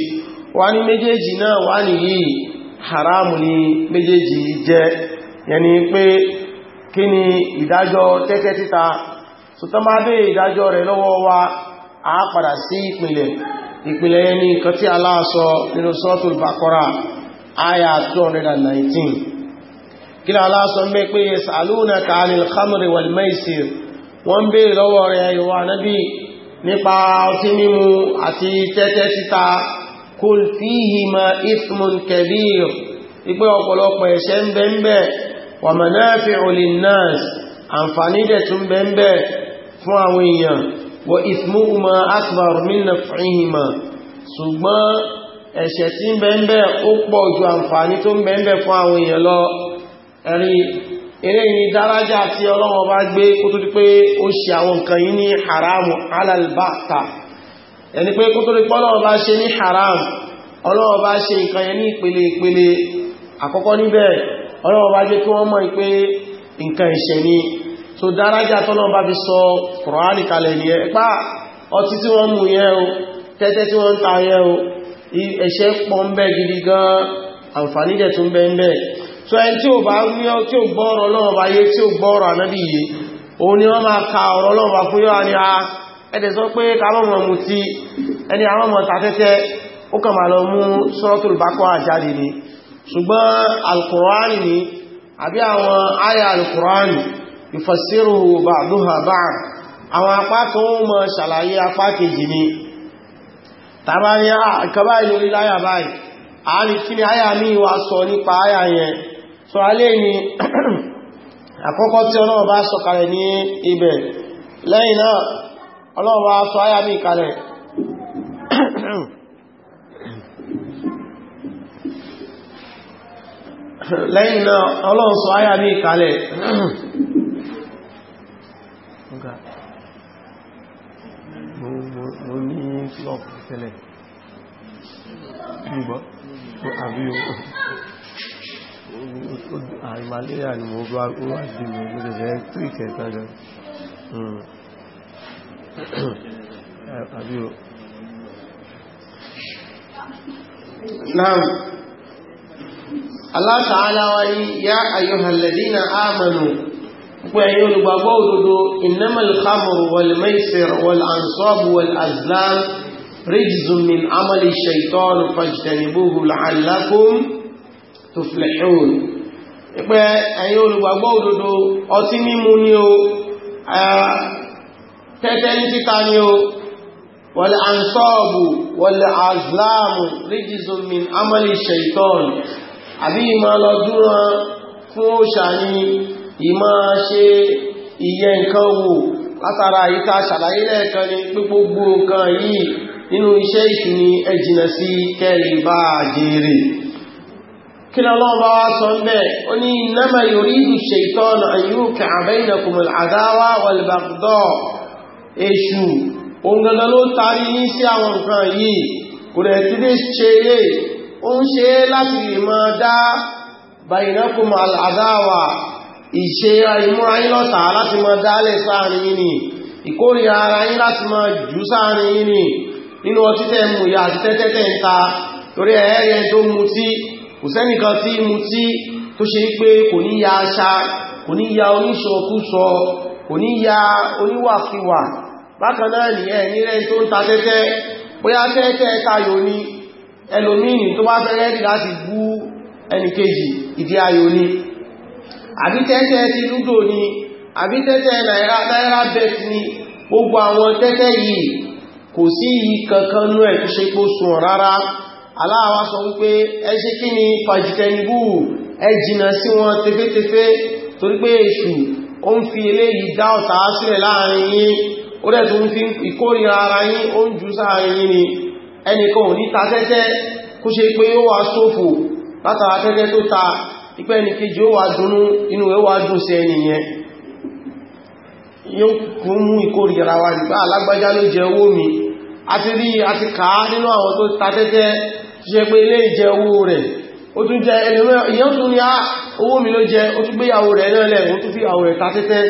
wà ní méjèèjì náà wà nìyí haramu ni méjèèjì jẹ́ yẹni pé kí ni ìdájọ́ tẹ́tẹ́ títa so tán bá bèèrè ìdájọ́ rẹ̀ lọ́wọ́ wa a padà sí ìpìlẹ̀ ìpìlẹ̀ yẹni nǹkan tí Allah sọ nínú suratul Baqara aya 219 kí ni Allah sọ mẹ́ pé yas'alunaka 'anil khamri wal maisir wọ́n bèèrè lọ́wọ́ rẹ̀ ìwà nábì nípa ọtí mímu àti tẹ́tẹ́ títa kul fihima ithmun kabir ipé ọ̀pọ̀lọpọ̀ ẹ̀ṣẹ̀ ń bẹ ń bẹ wa manafi'u linnas àǹfààní dẹ̀ tún bẹ ń bẹ fún àwọn èèyàn wa ithmuhuma akbar min naf'ihima ṣùgbọ́n ẹ̀ṣẹ̀ tí ń bẹ ń bẹ ó pọ̀ ju àǹfààní tó ń bẹ ń bẹ fún àwọn èèyàn lọ ni dárájá tí Ọlọ́run bá gbé kó tó di pé ó ṣe àwọn nǹkan yìí ní haramu alalbata ẹni pé kó tó rí pọ́lọ́wọ́ bá ṣe ní haram ọlọ́wọ́ bá ṣe nǹkan yẹn ní ìpele ìpele àkọ́kọ́ níbẹ̀ ọlọ́wọ́ bá jẹ́ kí wọ́n mọ̀ pé nǹkan ìṣẹ̀ ni tó dárájá tọ́lọ́wọ́ bá fi sọ Kùránì kalẹ̀ ní ẹpá ọtí tí wọ́n mú yẹn o tẹ́tẹ́ tí wọ́n ń ta yẹn o ẹ̀ṣẹ̀ pọ̀ ń bẹ gidi gan àǹfààní dẹ̀ tún bẹ ń bẹ so ẹni tí ò bá rí ọ tí ò gbọ́ọ̀rọ̀ ọlọ́wọ́ bá òun ni wọ́n máa ka ọ̀rọ̀ ọlọ́wọ́ fún yọ́ ẹ̀dẹ̀ sọ pé kàmọ́mọ̀ mú ti ẹni àmọ́mọ̀ tàtẹ́tẹ́ ó kàn máa lọ mú suratul Baqara jáde ni ṣùgbọ́n alkùránì ni àbí àwọn àyà alkùránì yufassiru ba'duha ba'd àwọn apá tó ń mọ ṣàlàyé apá kejì ni tàbá ní àkàbá ah, ìlú láyà báyìí àárí kí ni lẹ́yìn náà ọlọ́run wa sọ ayá mi kalẹ̀ lẹ́yìn náà ọlọ́run sọ ayá mi kalẹ̀ mo ní flop tẹ́lẹ̀ gbígbọ́ tó àbí àìmàlẹ́yà ni mo bá wá sí mi ní ẹ̀ẹ́ tó ìkẹta jẹ́ نعم الله تعالى وي يا ايها الذين امنوا وأيها البابا إنما الخمر والميسر والأنصاب والأزلام رجز من عمل الشيطان فاجتنبوه لعلكم تفلحون pé ẹ̀yin olùgbàgbọ́ òdodo ọtí mímu ni o tẹ́tẹ́ ní títa ni o wal ansọ́ọ̀bù wal azlamu rijzun min amali shaitan àbí ìmọ̀ lọ dúró fún òṣà ní ìmọ̀ ṣe ìyẹ nǹkan wò látara ìta ṣàlàyé lẹ́ẹ̀kan ní gbogbo nǹkan yìí nínú iṣẹ́ ìṣù ẹjìnà sí kẹrin bá jèrè kí lọ́lọ́wọ́ sọ mẹ́ o ní innama yuridu shaitan an yuqi'a bainakumul adawa wal baghdha èṣù ohun gangan ló tarí ní sí àwọn nǹkan yìí kò rẹ̀ tí lè ṣe eré ó ń ṣe láti mọ́ dá bayinakum al'adáwà ìṣe ìmúra yín lọ́ta láti mọ́ dálẹ̀ sáàrin yín ni ìkórìíra ara yín láti mọ́ jù sáàrin yín ni nínú ọtí kò ní ya oníwàsíwà bákan náà ní ẹ̀yìn rẹ̀ tó ń ta tẹ́tẹ́ bóyá tẹ́tẹ́ tayò ní ẹlòmíìnì tó bá fẹ́ rẹ́dì láti bú ẹnìkejì ìdí ayò ní àbí tẹ́tẹ́ ti lúdò ní àbí tẹ́tẹ́ náírà bet ní gbogbo àwọn tẹ́tẹ́ yìí kò sí yìí kankan nú ẹ̀ tó ṣe kó sùn rárá torí pé èṣù ó ń fi eléyìí dá ọ̀tá sílẹ̀ láàrin o ó dẹ̀ tún fi ara yín ó ń jù sáàrin yín ni ẹnìkan ò ní ta tẹ́tẹ́ kó ṣe pé ó wà sófò látara tẹ́tẹ́ tó ta ipẹ́ ẹnìkejì ó wà dúnú inú ẹ̀ wà dùn sí ẹnìyẹn wa mi ka ninu ta ó tún jẹ èyàn tún ní á ah, owó mi ló jẹ ó tún gbéyàwó rẹ̀ lẹ́lẹ̀ ó tún fi àwọ̀ rẹ̀ ta tẹ́tẹ́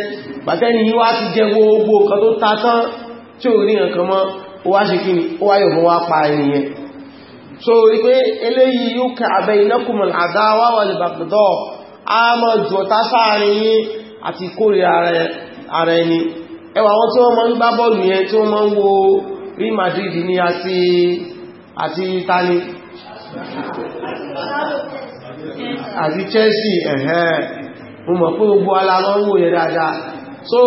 bàtẹ́ni yíwá ti jẹ gbogbo kan tó ta tán tí ò rí nǹkan mọ́ ó wá ṣe kí ni ó wáyé òun wá pa ènìyàn so ipé eléyìí yóò kẹ àbẹ inákùnmọ̀lá àdáwà wà lè bàbùdọ́ a mọ́ jọta sáàrin yí àti kórè ara ẹni ẹwà wọn tí wọ́n mọ́ ń gbá àbí Chelsea ẹ̀hẹ́n mo mọ̀ pé gbogbo alamọ́wò yẹ dáadáa so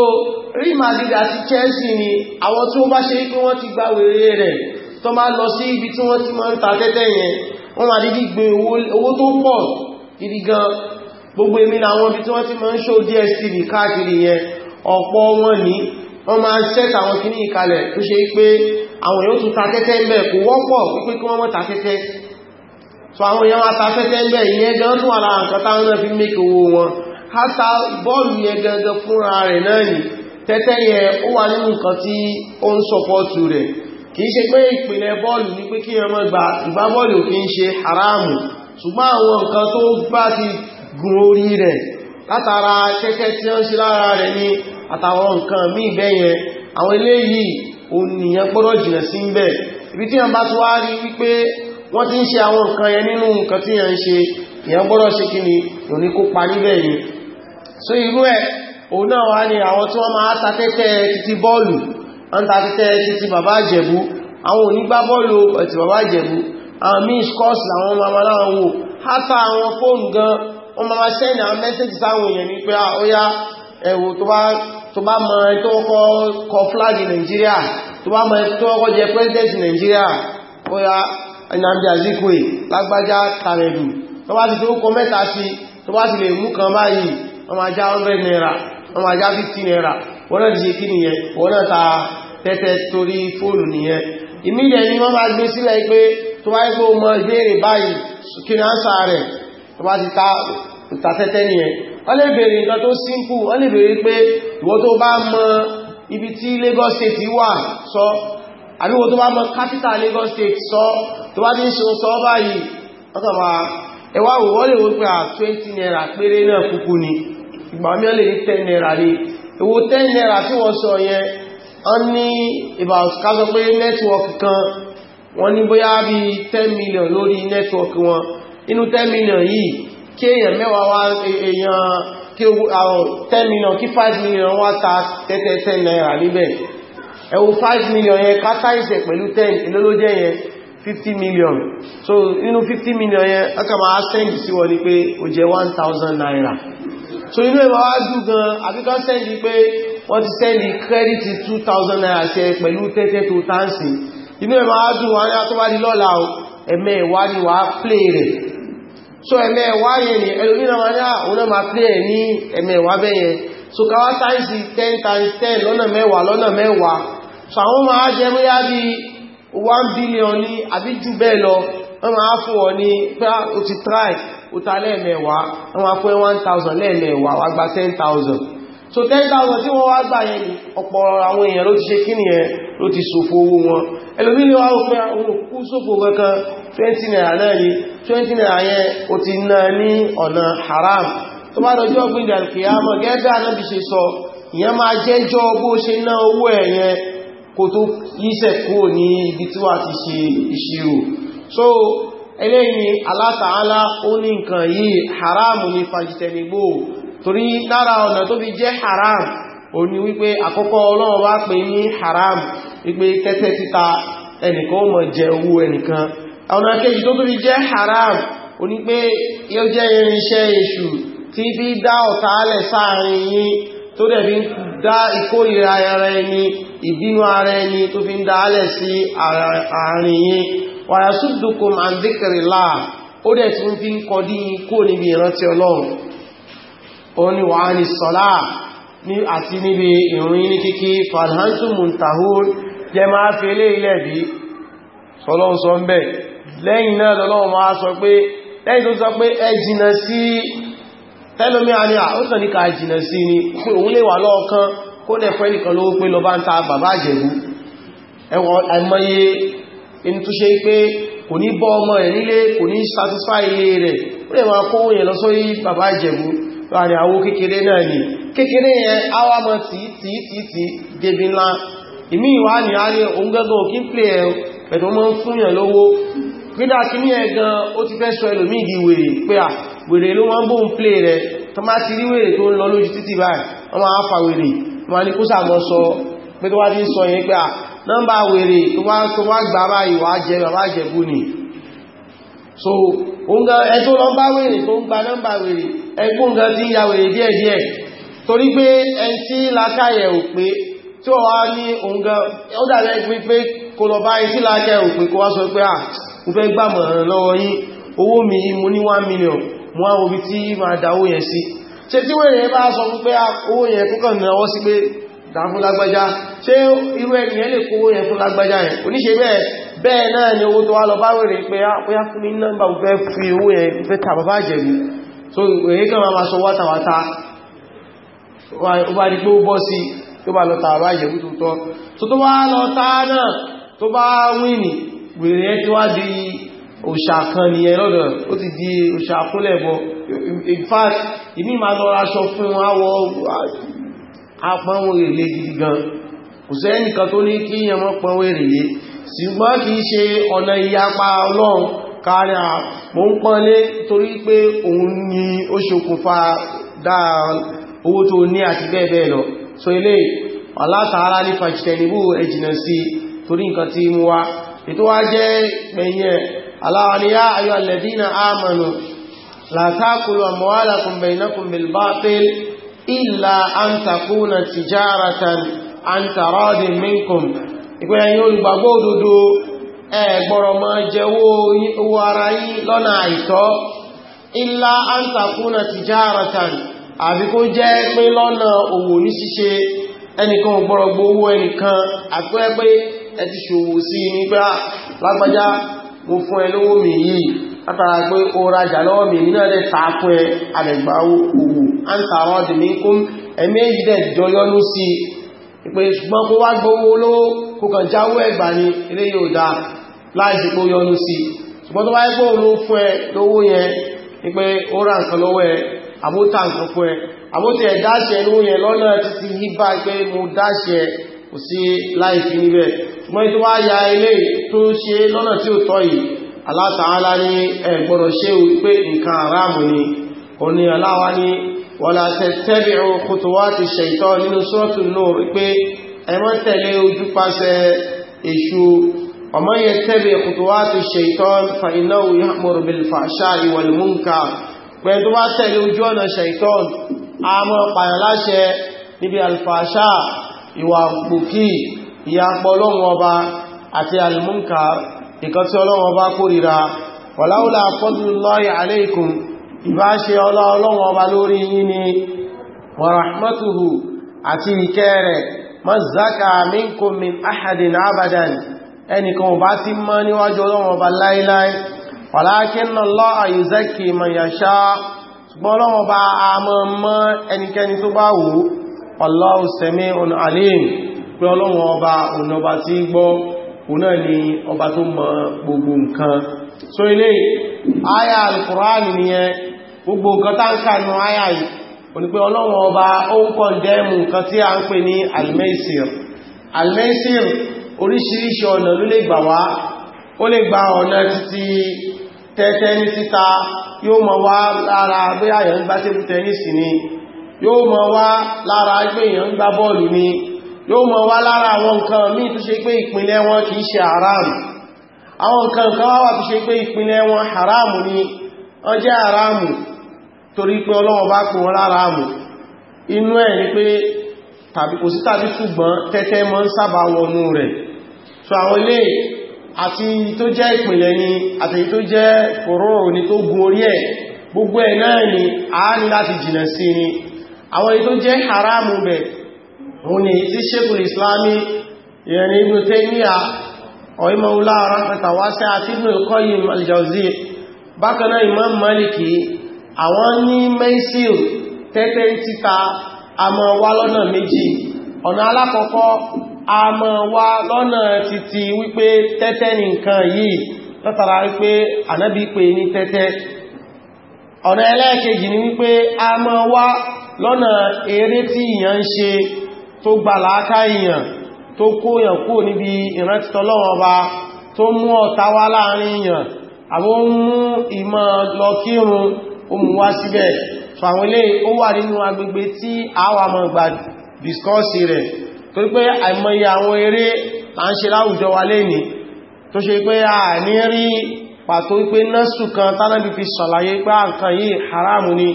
Real Madrid àti Chelsea ni àwọn tí wọ́n bá ṣe pé wọ́n ti gba wèrè rẹ̀ tó máa lọ sí ibi tí wọ́n ti máa ń ta tẹ́tẹ́ yẹn wọ́n máa dídí gbé owó tó pọ̀ gidi gan gbogbo èmi làwọn ibi tí wọ́n ti máa ń ṣó DSTV káàkiri yẹn ọ̀pọ̀ wọn ní wọ́n máa ń sẹ́ta àwọn kìíní ìkalẹ̀ tó ṣe pé àwọn yóò tún ta tẹ́tẹ́ ń kò wọ́pọ̀ pípé kí wọ́n mọ́ ta tẹ́tẹ́ so àwọn èèyàn asàfẹ́fẹ́ ẹgbẹ́ ìyẹn gan tó wà lára nǹkan táwọn náà fi mẹ́kì owó wọn hátà bọ́ọ̀lù yẹn gangan fúnra rẹ̀ náà ni tẹ́tẹ́ yẹn ó wà nínú nǹkan tí ó ń sọpọ́tù rẹ̀ kìí ṣe pé ìpìlẹ̀ bọ́ọ̀lù ní pé kí ọmọ gbà ìgbá haramu ṣùgbọ́n àwọn nǹkan tó bá ti gun orí rẹ̀ látara tẹ́tẹ́ tí ó ń ṣe lára rẹ̀ ni àtàwọn nǹkan míì bẹ́yẹn àwọn eléyìí òun wọ́n ti ń ṣe àwọn nǹkan yẹn nínú nǹkan tí yẹn ń ṣe èyàn gbọ́dọ̀ ṣe kí ni òní kó parí bẹ́ẹ̀ ni so irú ẹ̀ òun náà wá ní àwọn tí wọ́n máa ta tẹ́tẹ́ títí bọ́ọ̀lù ń ta tẹ́tẹ́ títí bàbá àjẹ̀bú àwọn onígbá bọ́ọ̀lù ẹ̀tì bàbá àjẹ̀bú àwọn mean scores làwọn máa máa láwọn wò hátà àwọn fóònù gan wọ́n máa sẹ́ni àwọn mẹ́sẹ̀jì sáwọn èèyàn ní pé óyá ẹ̀wò tó Nnamdi Azikwe lágbájá Kàrẹ̀dù tó bá ti tó kọ mẹ́ta sí tó bá ti lè mú kan báyìí wọ́n máa 100 naira wọ́n máa já 50 naira wọ́n náà ti ṣe kí nìyẹn wọ́n náà ta tẹ́tẹ́ torí fóònù nìyẹn ìmílẹ̀ ni wọ́n máa gbé sílẹ̀ pé ta tẹ́tẹ́ nìyẹn wọ́n lè bèèrè nǹkan tó simple wọ́n lè bèèrè àbí wo tó bá mọ capital Lagos state sọ tó bá ti ń ṣe sọ báyìí ọkàn máa ẹwà wò lè wó pé à 20 naira péré náà kúkú ni ìgbà mìíràn ní 10 naira rí owó 10 naira tí wọ́n sọ yẹn wọ́n ní ìbà pé network kan wọ́n ní bóyá bí 10 million lórí network wọn inú 10 million yìí kí èèyàn mẹ́wàá wá e, èèyàn kí 10 million kí 5 million wá ta tẹ́tẹ́tẹ́ naira níbẹ̀ ẹwọ 5 million yẹn kátà ìṣẹ̀ pẹ̀lú 10 ìlólójẹ́ yẹn 50 million so inú 50 million yẹn ọkà máa send sí wọ́n ní pé ó jẹ́ 1000 naira so inú ẹ̀mà wá dùn gan àbíkọ́ send pé wọ́n ti send credit 2000 naira sí ẹ pẹ̀lú tẹ́tẹ́ tó tánsì inú ẹ̀mà wá dùn wọ́n ní atọ́wádìí lọ́la ẹ̀mẹ́ ìwá ni wà play rẹ̀ so ẹ̀mẹ́ ìwá yẹn ni ẹlòmínà wọ́n ní àwọn ọmọ play ẹ̀ ní ẹ̀mẹ́ ìwá bẹ́yẹn so káwá sáìsì 10 times 10 lọ́nà mẹ́wàá lọ́nà mẹ́wàá so àwọn máa jẹ mẹ́yà bí 1 billion ní àbí jù bẹ́ẹ̀ lọ wọ́n máa fún ọ ní pé ah, o ti try o ta lẹ́ẹ̀mẹ́wàá wọ́n máa fún 1000 lẹ́ẹ̀mẹ́wàá wà gba 10000 so 10000 tí wọ́n wá gbà yẹn ọ̀pọ̀ àwọn èèyàn ló ti ṣe kí nìyẹn ló ti ṣòfò owó wọn ẹlòmí lè wá òpin ah, àwọn òkú ṣòfò kankan haram tó bá dọjọ́ ọ̀gbìn ìdàlùkìyàmọ̀ gẹ́gẹ́ bí Ànábì ṣe sọ ìyẹn máa jẹ́jọ́ bó ṣe ná owó ẹ̀yẹn kò tó yíṣẹ̀ kúrò ní ibi tí wà ti ṣe ìṣirò so eléyìn Allah Ta'ala ó ní nǹkan yìí haramu ni fàjìtẹ̀nigbò torí lára ọ̀nà tó fi jẹ́ haram ó ní wípé àkọ́kọ́ Ọlọ́run wá pè ní haram wípé tẹ́tẹ́ títa ẹnìkan ó mọ̀ jẹ owó ẹnìkan ọ̀nà kejì tó tó fi jẹ́ haram ó ní pé yóò jẹ́ irinṣẹ́ èṣù tí bí dá ọ̀tá alẹ̀ sáàrin yìí tó ẹni ìbínú ara ẹni tó fi ń dálẹ̀ sí àárín yín wàyà súdùkùn àdíkìrìlá ó dẹ̀ tí ń fi ń kọdí kó níbi ìrántí ọlọ́run ó ní wà ní sọ́lá àti níbi ìrun ní kíkí falhansu muntahun jẹ máa fi ilé ilẹ̀ bí sọ́lọ́run sọ ń bẹ̀ lẹ́yìn náà lọ́lọ́run máa sọ pé lẹ́yìn tó sọ pé ẹ jìnà sí ó sọ ní ká ni kó nẹ fẹ́ nìkan lówó pé lọ bá ń ta bàbá àjẹ̀bú ẹwọ àìmọye in tó ṣe pé kò ní bọ́ ọmọ rẹ̀ nílé kò ní satisfy ilé rẹ̀ ó lè máa kówó yẹn lọ sórí bàbá àjẹ̀bú láàrin àwó kékeré náà ni kékeré yẹn áwá mọ́ tí tí tí tí débi ńlá ìmí ìwá ni a rí oún gẹ́gẹ́ òkí ń pè ẹ̀ pẹ̀tọ́ mọ́ fún yàn lówó gbídá kí ní ẹ̀gan ó ti fẹ́ sọ ẹlòmí ìdí wèrè pé à ń lọ wọ́n ni kó sàmọ́ sọ pé tó wá tí ń sọ yẹn pé à nọ́mbà wèrè tó wá tó wá gbà bá ìwà jẹ bàbá jẹ̀bú ni so oúnjẹ ẹjọ́ nọ́mbà wèrè tó ń gba nọ́mbà wèrè ẹgbó nǹkan tí ya wèrè díẹ̀díẹ̀ torí pé ẹn tí lákàyẹ̀ ò pé tí wá ní oúnjẹ ṣe tí wọ́n yẹn bá sọ fún pé ah, owó yẹn tó kàn náwọ́ sí pé dá fún lágbájá ṣé irú ẹni yẹn lè kó owó yẹn fún lágbájá yẹn oníṣe bẹ́ẹ̀ bẹ́ẹ̀ náà ni owó tó wá lọ bá wèrè pé ah, bóyá fún ní nọ́mbà fẹ́ fi owó so èyí kan máa sọ wátawátá ó bá di pé ó bọ́ sí tó bá lọ ta bàbá jẹ̀bi tó tọ́ tó tó òṣà kan ni ẹlọ́dọ̀ ó ti di òṣà fúnlẹ̀bọ̀ in fact ìmí ma lọ aṣọ fún àwọ apọ́nwò èrè gidi gan kò sẹ́ nìkan tó ní kí ẹmọ́ pọ́nwò èrè yé ṣùgbọ́n kìí ṣe ọ̀nà ìyapa ọlọ́run kárí à mọ́ ń pọ́nlé ni ó ṣokùnfà dáa owó tó ní àti bẹ́ẹ̀ torí nǹkan aláwọn ya ayọ́ alẹ́dínà ámànù látàkùlù àmọ́wálàkùn bẹ̀inakùn bilbatil ìlà an takúnà tijaratan an tàrọ́dì minkum ìpínlẹ̀ yóò gbàgbọ́ òdodo ẹ gbọ́rọ̀ máa jẹ owó ara yí lọ́nà àìtọ́ ìlà an takúnà tijaratan àbí kó jẹ́ mo fún ẹ lówó mi yìí látara pé o rajà lọ́wọ́ mi nínú ẹ̀rẹ́ tààkún ẹ àrẹ̀gbà owó a ń tààrọ ọdún ní kún ẹ̀mí èyí dẹ̀ jọ yọnú sí pé ṣùgbọ́n kó wá gbówó olówó kó kàn jáwó ẹ̀gbà ni kò sí láìsí níbẹ̀ ṣùgbọ́n tó wá ya ilé tó ṣe lọ́nà tí ó tọ́ yìí Allah Ta'ala ní ẹgbọ́rọ̀ ṣe wípé nǹkan àrámù ni o ní aláwá ní wala tattabi'u khutuwati shaytan nínú Suratul Nur pé ẹ má tẹ̀lé ojúpasẹ̀ èṣù wa man yattabi' khutuwati shaytan fa innahu níbi alfàṣà ìwà pòkí ìyàpọ̀ ọlọ́run ọba àti alìmúnkà ìkan tí ọlọ́run ọba kórìíra wàláwùlá fadlullahi alaykum ìbáṣe ọlọ́run ọba lórí yín ni wa rahmatuhu àti ìkẹ́ rẹ̀ ma zaka minkum min ahadin abadan ẹnìkan ọba ti mọ́ níwájú ọlọ́run ọba láíláí walakinna Allaha yuzakki Allahu Sami'un Alim pé ọlọ́run ọba òun ọba tí gbọ́ òun náà ni ọba tó mọ gbogbo nǹkan so ilé àyà Al-Qur'an nìyẹn gbogbo nǹkan tá ń kànú àyà yìí òní pé ọlọ́run ọba ó ń kọ̀ jẹ́mù nǹkan tí a ń pè al-maisir al-maisir oríṣiríṣi ọ̀nà ló lè gbà wá ó lè gba ọ̀nà títí tẹ́tẹ́ ní títa yóò mọ̀ wá lára bí àyàn gbá tébù tẹ́nísì ni yóò mọ̀ wá lára pé èèyàn ń gbá bọ́ọ̀lù ni yóò mọ̀ wá lára àwọn nǹkan míì tó ṣe pé ìpínlẹ̀ wọn kìí ṣe haram àwọn nǹkan kan wá tó ṣe pé ìpínlẹ̀ wọn haram ni wọ́n jẹ́ haram torí pé Ọlọ́run bá kún wọn lára àmù inú ẹ̀ ni pé tàbí kò sí tàbí ṣùgbọ́n ni àti tó jẹ́ kòrónù ni tó ẹ̀ gbogbo ẹ̀ náà ni a ní láti jìnà sí ni àwọn èyí tó jẹ́ haramu bẹ̀ òun ni tí ṣekùn islami ìrìn ibn taymiya ọ̀ìmọ̀wúlá rápẹtàwá sí àti ibn al-qayyim al-jawzi bákaná imam maliki àwọn ní mẹ́síl tẹ́tẹ́ títa a mọ̀ wá lọ́nà méjì ọ̀nà alákọ̀ọ́kọ́ a mọ̀ wá lọ́nà títí wípé tẹ́tẹ́ ní nǹkan yìí látara lọ́nà eré tí ìyàn ń ṣe tó gbà lááká ìyàn tó kó yàn kó níbi ìrántí Ọlọ́run Ọba tó mú ọ̀tá wá láàrin ìyàn àwọn mú ìmọ̀ lọ kírun ohun wá síbẹ̀ so àwọn ilé ó wà nínú agbègbè tí àwa mọ̀ gbà discourse rẹ̀ tó pé àìmọye àwọn eré ta ń ṣe láwùjọ wa lẹ́ni tó ṣe pé a ní rí pàtó pé násù kan tánàbí fi ṣàlàyé pé àǹkan yìí haramu ni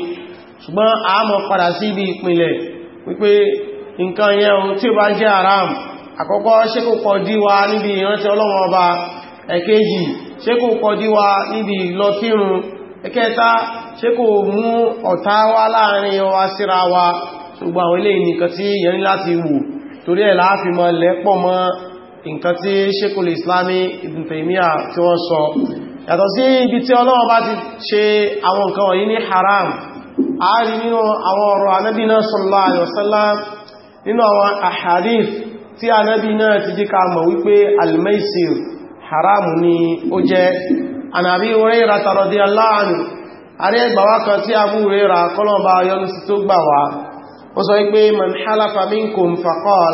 ṣùgbọ́n a mọ̀ padà sí ibi ìpìnlẹ̀ wípé nǹkan yẹn ohun tí ó bá jẹ́ haram àkọ́kọ́ ṣé kò kọ díwa níbi ìrántí ọlọ́wọ́n ọba ẹ̀kejì ṣé kò kọ díwa níbi ìlọkírun ẹ̀kẹta ṣé kò mú ọ̀tá wá láàrin wa síra wa ṣùgbọ́n àwọn ilé nìkan tí yẹn ní láti wù torí ẹ̀ láàfin mọ́ lẹ́pọ̀ mọ́ nǹkan tí ṣékùlù islami Ibn Taymiyyah tí wọ́n sọ yàtọ̀ sí ibi tí ọlọ́wọ́n bá ti ṣe àwọn nǹkan wọ̀nyí ní haram a rí nínú àwọn ọ̀rọ̀ anábì náà sallallahu alaihi wasallam nínú àwọn ahadith tí anábì náà ti jí ká mọ̀ wípé al-maisir haramu ni ó jẹ́ anábí Hurairah radiyallahu anhu àrí ẹgbàwá kan tí Abu Hurairah kọlọ̀bá yọ́nusí tó gbà wá ó sọ wípé man halafa minkum faqal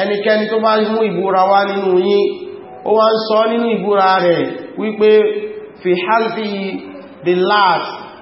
ẹnikẹ́ni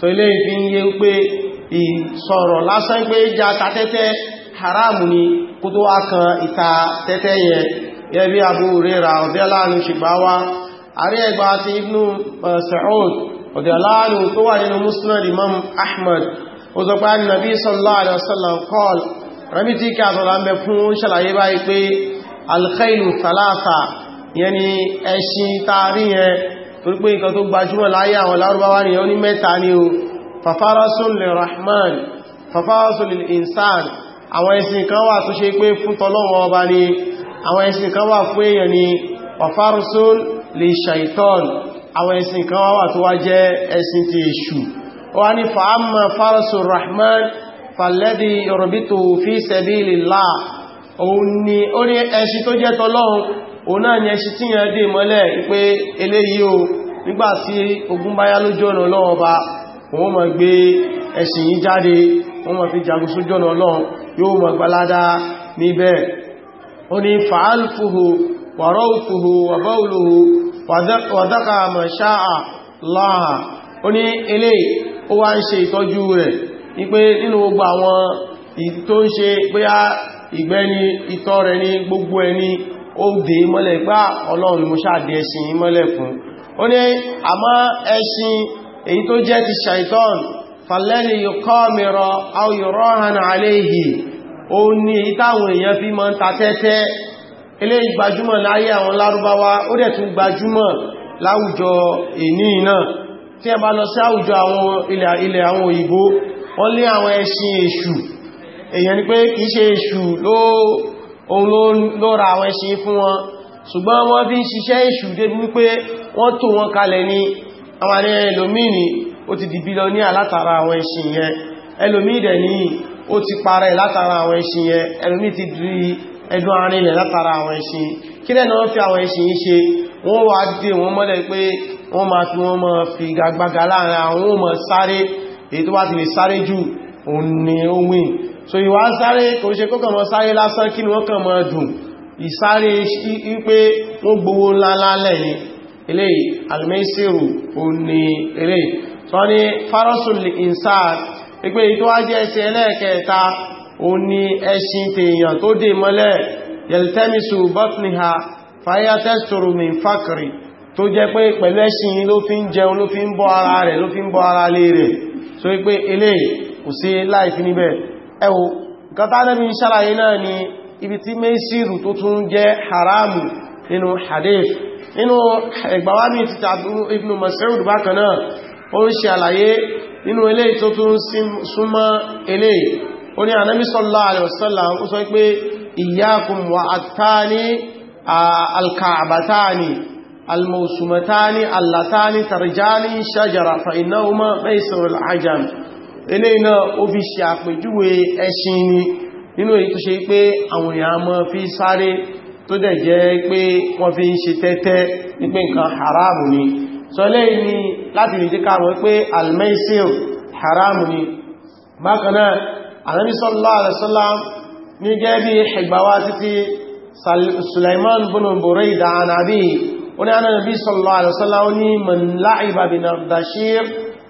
so ilé ìfi ń yé pé ìsọ̀rọ̀ lásán pé já tatẹ́tẹ́ haramu ni kó tó wá kan ìta tẹ́tẹ́ yẹn yẹbí Abu Hurairah ọ̀dẹ́láàánú ṣìgbáwá àrí ẹgbà àti Ibnu eh, Sa'ud ọ̀dẹ́láàánú tó wà nínú Musnad Imam Ahmad ó sọ pé Nabi sallallahu alaihi wasallam qal rẹ̀mí torí pé nǹkan tó gbajúmọ̀ láyé àwọn lárúbáwá ni ó ní mẹ́ta ni o fafarasun lè rahman fafarasun lè insan àwọn ẹ̀sìn kan wà tó ṣe pé fún tọ́lọ́wọ́ ọba ni àwọn ẹ̀sìn kan wà fún èèyàn ni fafarasun lè shaitan àwọn ẹ̀sìn kan wà tó wá jẹ́ ẹ̀sìn ti èṣù wá òun náà yẹn ṣe tí yẹn dé mọ́lẹ̀ pé eléyìí o nígbàtí ogun báyá lójú ọ̀nà ọlọ́run ọba òun mọ̀ gbé ẹṣin yìí jáde wọ́n mọ̀ fi jagun sójú ọ̀nà yóò mọ̀ gbalada fa'alfuhu wàrọ́ùfuhu wàbáuluhu wàdáka mọ̀ṣáà láà ó ní ilé ó wá ń ṣe ìtọ́jú rẹ̀ wípé nínú gbogbo ni ìtọ́ rẹ̀ ni gbogbo ẹni ó dé mọ́lẹ̀ pá ah, ọlọ́run mo ṣáàdé ẹṣin yí mọ́lẹ̀ fún ó ní àmọ́ ẹṣin èyí tó jẹ́ ti ṣàìtọ́n falẹ́lì yóò mìírọ ayòrọ́hàn àléhì ó ní fi mọ́ ta tẹ́tẹ́ ilé gbajúmọ̀ láyé àwọn lárúbáwá ó dẹ̀ tún gbajúmọ̀ láwùjọ èní náà tí ẹ bá lọ sí àwùjọ àwọn ilẹ̀ àwọn òyìnbó wọ́n lé ni pé kìí ṣe èṣù lóó òun ló ra àwọn ẹṣin fún wọn ṣùgbọ́n wọ́n fi ń ṣiṣẹ́ ìṣù débi wípé wọ́n tó wọn kalẹ̀ ní àwọn àrẹ ẹlòmíìnì ó ti di bílíọ̀níà látara àwọn ẹṣin yẹn ẹlòmíìdẹ̀ ní ó ti parẹ́ látara àwọn ẹṣin yẹn ẹlòmíì ti di ẹdún arìnlẹ̀ látara àwọn ẹṣin kí lẹ́nà wọ́n fi àwọn ẹṣin yìí ṣe wọ́n wá dé wọ́n mọ́lẹ̀ pé wọ́n m'a fi wọ́n mọ́ fi gàgbàgà láàrin àwọn òní ohun so ìwà sáré kò ṣe kókàn mọ́ sáré lásán kí ni wọ́n kàn mọ́ dùn ìsáré wípé wọ́n gbowó ńláńlá lẹ́yìn eléyìí almẹ́sìrù òní eléyìí tó ní farasulli insad wípé ìtò ajé ẹsẹ̀ ẹlẹ́ẹ̀kẹta òní ẹṣin tèèyàn tó dè mọ́lẹ̀ yẹltẹ́mìsù bọ́tniha fayatẹ́sùrù min fakri tó jẹ́ pé pẹ̀lú ẹṣin ló fi ń jẹun ló fi ń bọ́ ara rẹ̀ ló fi ń bọ́ ara lé rẹ̀ so wípé eléyìí kò sí láìfi níbẹ̀ ẹwò kátánẹ́bí ń ṣàlàyé náà ni ibi tí mẹ́ṣírù tó tún jẹ́ haramu nínú hadith nínú ẹgbàwámi ti tàbí ibn Mas'ud bákan náà ó ń ṣe àlàyé nínú eléyìí tó tún súnmọ́ eléyìí ó ní Ànábì sallallahu alaihi wasallam ó ilé iná ó fi ṣe àpèjúwe ẹṣin ni nínú èyí tó ṣe pé àwọn èèyàn mọ́ fi sáré tó dẹ̀ jẹ́ pé wọ́n fi ń ṣe tẹ́tẹ́ ní pé nǹkan haramu ni sọ lẹ́yìn ni láti lè jẹ́ ká mọ̀ pé al-maisir haramu ni bákan náà Ànábì ní gẹ́bí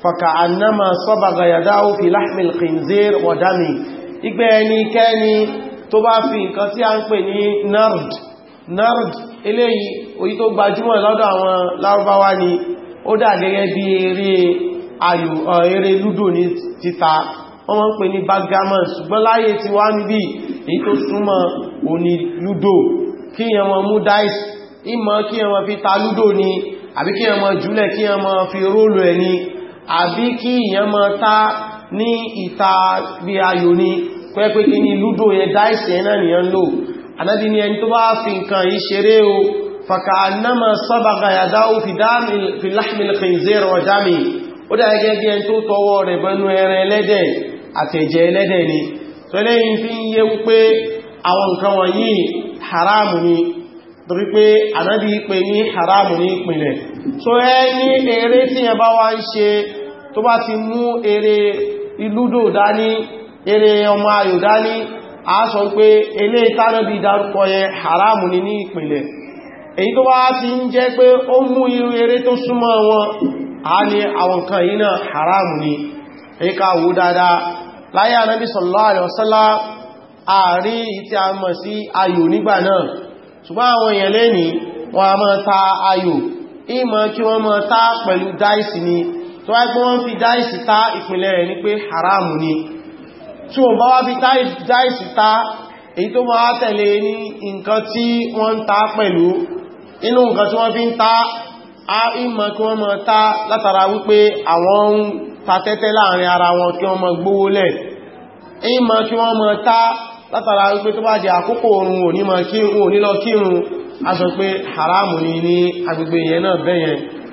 fàkàánàmà sọ́bàgà yàdáwó fi láhmìl kìnzír wọ̀dámi igbẹ́ ẹni kẹ́ni tó bá fi nǹkan tí a ń pè ní nard nard eléyìí òyí tó gbajúmọ̀ lọ́dọ̀ àwọn lárúbáwá ni ó dà gẹ́gẹ́ bí eré ayò eré lúdò ní títa wọ́n mọ́ ń pè ní backgammon ṣùgbọ́n láyé ti wá ń èyí tó súnmọ́ òní lúdò kí yẹn wọn mú dice ìmọ̀ kí yẹn wọn fi ta lúdò ni àbí kí yẹn wọn jùlẹ̀ kí yẹn wọn fi róòlù ẹ̀ ni àbí kí ìyẹn mọ́ tá ní ìta bí ayò ní pẹ́pẹ́ kí ní lúdó yẹ dáìsì ẹ̀nà nìyàn lò anábi ni ẹni tó bá fi nǹkan yí ṣeré o fàkà annama sábàkà yàdá ó fi láhmìl khinzir wa jami ó dá ẹgẹ́ bí ẹni tó tọwọ́ rẹ̀ bẹnu ẹran ẹlẹ́dẹ̀ torí pé anábi pè ní haramu ní ìpìlẹ̀ so ẹni eré tí yẹn bá wá ń ṣe tó bá ti mú eré ilúdò dání eré ọmọ ayò dání a sọ pé elé tánàbí dárúkọ yẹn haramu ni ní ìpìlẹ̀ èyí tó bá ti ń jẹ́ pé ó mú irú eré tó súnmọ́ wọn a ní àwọn nǹkan yìí náà haramu ni èyí ká dáadáa láyé anábí sallallahu alaihi wasallam ààrí ìtí a mọ̀ sí ayò nígbà náà ṣùgbọ́n àwọn èèyàn lẹ́ni wọ́n tó wáyé pé wọ́n fi dáìsì tá ìpínlẹ̀ rẹ̀ ní pé haramu ni tí wọ́n bá wá fi dáìsì tá èyí tó máa tẹ̀lé e ní nǹkan tí wọ́n ń ta pẹ̀lú inú nǹkan tí wọ́n fi ń ta a ìmọ̀ kí wọ́n mọ̀ ta látara wípé àwọn ń ta tẹ́tẹ́ láàrin ara wọn kí wọ́n mọ̀ gbówó lẹ̀ ìmọ̀ kí wọ́n mọ̀ ta látara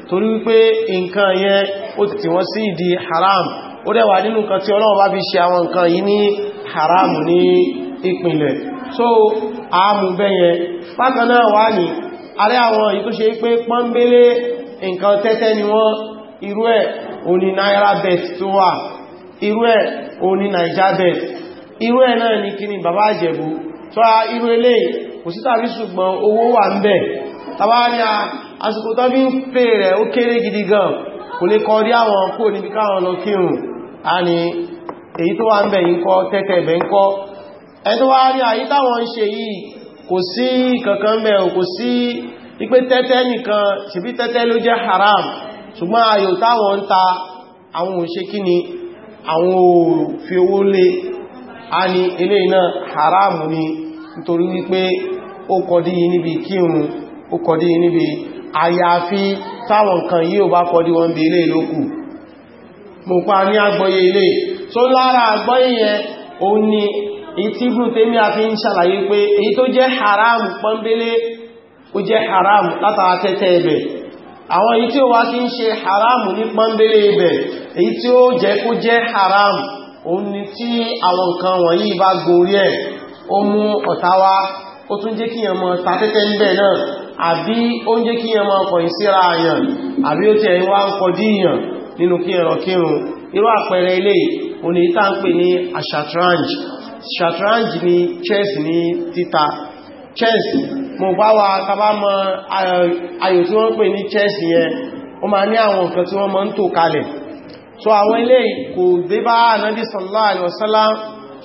torí wípé nǹkan yẹn ó ti tì wọ́n sí ìdí haram ó dẹ̀ wà nínú nǹkan tí Ọlọ́run bá fi ṣe àwọn nǹkan yìí ní haram ní ìpìnlẹ̀ so ààmù bẹ́yẹn bákan náà wà ní alẹ́ àwọn yìí tó ṣe pé pọ́nbélé nǹkan tẹ́tẹ́ ni wọ́n irú ẹ̀ òní naira bet tó wà irú ẹ̀ òní naija bet irú ẹ̀ náà ni kí ni bàbá àjẹ̀bú tó a irú eléyìí kò sí tàbí ṣùgbọ́n owó wà ń bẹ̀ tàbárí àsìkò tó bí ń pè rẹ̀ ó kéré gidi gan kò lè kọ rí àwọn kò níbi káwọn lọ kírùn a ni èyí tó wà ń bẹ̀ yínkọ́ tẹ́tẹ́ bẹ̀ ń kọ́ ẹ tó wá rí àyí táwọn ń ṣe yìí kò sí wípé tẹ́tẹ́ nìkan ṣebí haram ṣùgbọ́n ayò táwọn ń ta àwọn òṣe kí ni àwọn òfi owó lé a ni níbi kírùn ó kọ̀dí níbi àyàfi táwọn nǹkan yìí ò bá kọ̀dí wọn bí ilé ìlókù mo pa ní agbọ́yé ilé tó lára agbọ́yé yẹn ó ní ìtìbù tèmi àfi ń ṣàlàyé pé èyí tó jẹ́ haram pọ́nbélé ó jẹ́ haram látara tẹ́tẹ́ ẹbẹ̀ àwọn èyí tí ó wá kí ń ṣe haram ní pọ́nbélé ẹbẹ̀ èyí tí ó jẹ́ kó jẹ́ haram ó ní tí àwọn nǹkan wọ̀nyí bá gorí ẹ̀ ó mú ọ̀tá wá ó tún jẹ́ kí ẹmọ ta tẹ́tẹ́ náà àbí ó ń jẹ́ kí ẹ máa kọ̀ ìsíra àyàn àbí ó tẹ́ ìwá ń kọ̀ díyàn nínú kí ẹ̀rọ kírun irú àpẹẹrẹ ilé òní ìta ń pè ní ashatranj shatranj ni chess ní títa chess mo bá wa tàbá mọ ayò tí wọ́n pè ní chess yẹn ó máa ní àwọn nǹkan tí wọ́n máa ń tò kalẹ̀ so àwọn ilé kò dé bá Ànábì sallallahu alaihi wasallam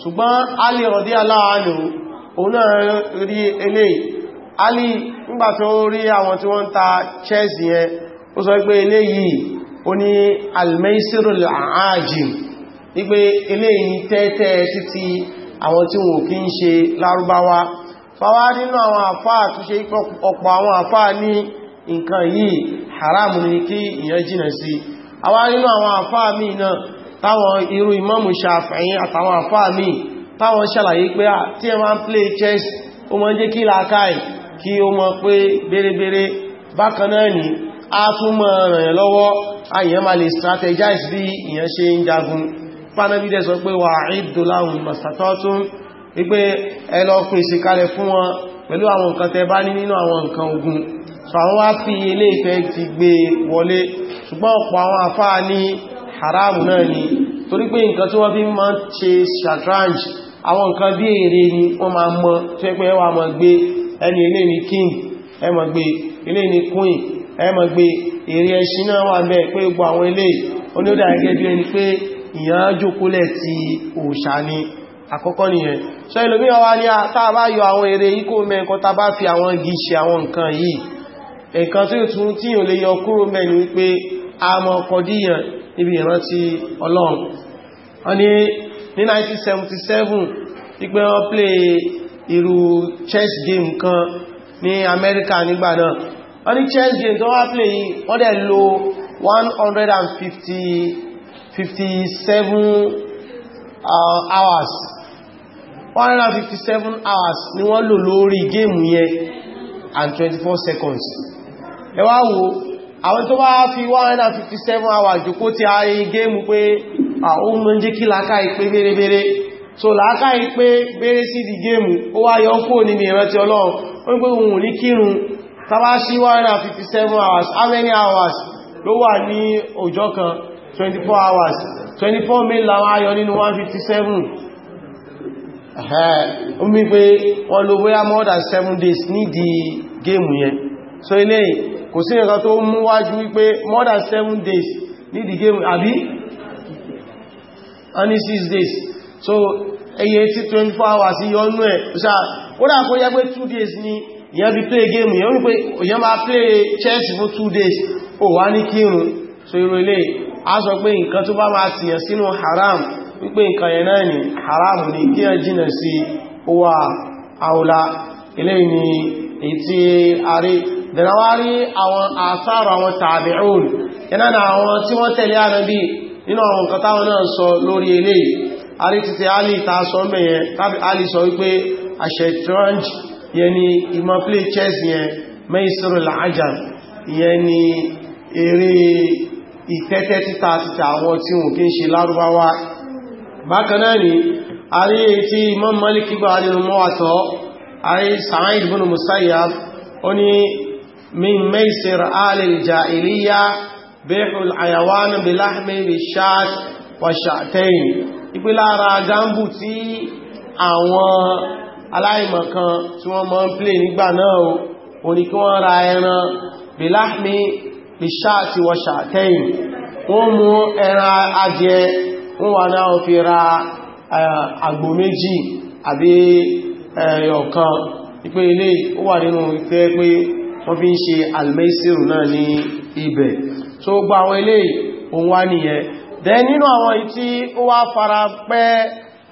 ṣùgbọ́n Ali radiyallahu anhu òun náà Ali nígbà tó rí àwọn tí wọ́n ta chess yẹn ó sọ pé eléyìí ó ní almaisirul aajim wípé eléyìí tẹ́tẹ́ títí àwọn tí wọ́n kí ń ṣe lárúbáwá fáwá nínú àwọn àfáà tó ṣe ọ̀pọ̀ àwọn àfáà ní nǹkan yìí haram ní kí ìyẹn jìnà sí àwá nínú àwọn àfáà mi náà táwọn irú Imamu Shafi'i àtàwọn àfáà mi táwọn ṣàlàyé pé ah, tí ẹ máa ń play chess ó mọ́ jẹ́ kí làákàì kí ó mọ̀ pé bèrèbèrè bákan náà ni a tún mọ̀ ràn lọ́wọ́ àyẹ̀ ma lè strategize bí ìyẹn ṣe ń jagun pánàbídẹ̀ sọ pé wà ìdò láhùn mastatọ́tún wípé ẹlọ pèsè kalẹ̀ fún wọn pẹ̀lú àwọn nǹkan tẹ bá ní nínú àwọn nǹkan ogun so àwọn wá fi ilé ìfẹ́ ti gbé wọlé ṣùgbọ́n ọ̀pọ̀ àwọn àfáà ní haramu náà ni torí pé nǹkan tí wọ́n fi máa ń ṣe shatranj àwọn nǹkan bí èrè ni wọ́n máa mọ́ tó ẹgbẹ́ wà mọ́ gbé ẹni ilé ni king ẹ máa gbé ilé ni queen ẹ máa gbé èrè ẹṣin náà wà bẹ́ẹ̀ pé gbọ́ àwọn ilé onídà gẹ́gẹ́ bí ẹni pé ìyàn jókúlẹ̀ ti òòṣà ni àkọ́kọ́ nìyẹn sọ ìlòmí ọwá ní àtàbá yọ àwọn èrè ikú mẹ́ẹ̀kọ́ ta bá fi àwọn igi ṣe àwọn nǹkan yìí nǹkan tí ó tún tí yìí lè yọ kúrò mẹ́ni wípé a mọ́ kọdíyàn níbi ìrántí Ọlọ́run wọ́n ní 1977 wípé wọ́n play irú chess game kan ní Amẹ́ríkà nígbà náà wọ́n ní chess game tó wá play yìí wọ́n dẹ̀ lo 150 57 uh, hours 157 hours ni wọ́n lò lórí game yẹn and 24 seconds ẹ wá wò àwọn tó bá fi 157 hours jòkó ti ayé game pé àwọn ohun mọ́ jẹ́ kí lákàí pé so láàká yí pé bẹ́rẹ̀ sí di géèmù ó wá yọ kó níbi ìrántí ọlọ́run wọ́n pé òun ní kírun tàbá sí 157 hours how many hours ló wà ní ọjọ́ kan 24 hours 24 mil làwọn ayọ nínú 157 ó mí pé wọ́n lò bóyá more than 7 days ní di géèmù yẹn so ilé kò sí nǹkan tó mú wájú wípé more than 7 days ní di géèmù àbí only 6 days so ẹyẹ tí 24 hours yọnú ẹ̀ ṣá ó dà kó yẹ pé 2 days ni ìyẹn fi play game ìyẹn wípé òyẹn máa play chess for 2 days ó wá ní kírun so irú ilé a sọ pé nǹkan tó bá máa tìyàn sínú haram wípé nǹkan yẹn náà ni haram ni kí ẹ jìnà sí ó wà àwòlá ilé ni èyí tí a rí dẹ̀nàwárí àwọn àsáàrù àwọn tàbí'ùn yẹn náà àwọn tí wọ́n tẹ̀lé ànábì nínú àwọn nǹkan táwọn náà sọ lórí eléyìí alì títí alì ta sọ mẹ́yẹn tàbí alì sọ wípé àṣẹ̀tranj yẹn ni ìmọ̀ play chess yẹn mẹ́ìsìrò làájàn yẹn ni eré ìtẹ́tẹ́ títa títa àwọn tí wọ́n kí ń ṣe lárúbáwá bákan náà ni àrí tí imọ́ mọ́líkì gbà nínú mọ́wàtọ́ àrí Sa'id ibn Musayyab wọ̀ṣàtẹ́yìn ipé lára gambu tí àwọn aláìmọ̀kan tí wọ́n mọ́ ń plé nígbà wọ́n bilahmi bishaati wọ̀ṣàtẹ́yìn wọ́n mú ẹran ajẹ́ wọ́n wà náà fi ra àgbò méjì àbí ẹ̀yọ̀kan ipé ilé ó wà nínú ìfẹ́ pé wọ́n fi ń ṣe almẹ́sìrù náà ní ibẹ̀ tó gba àwọn ilé òun wá nìyẹn dẹ nínú àwọn ìtí ó wá fara pẹ́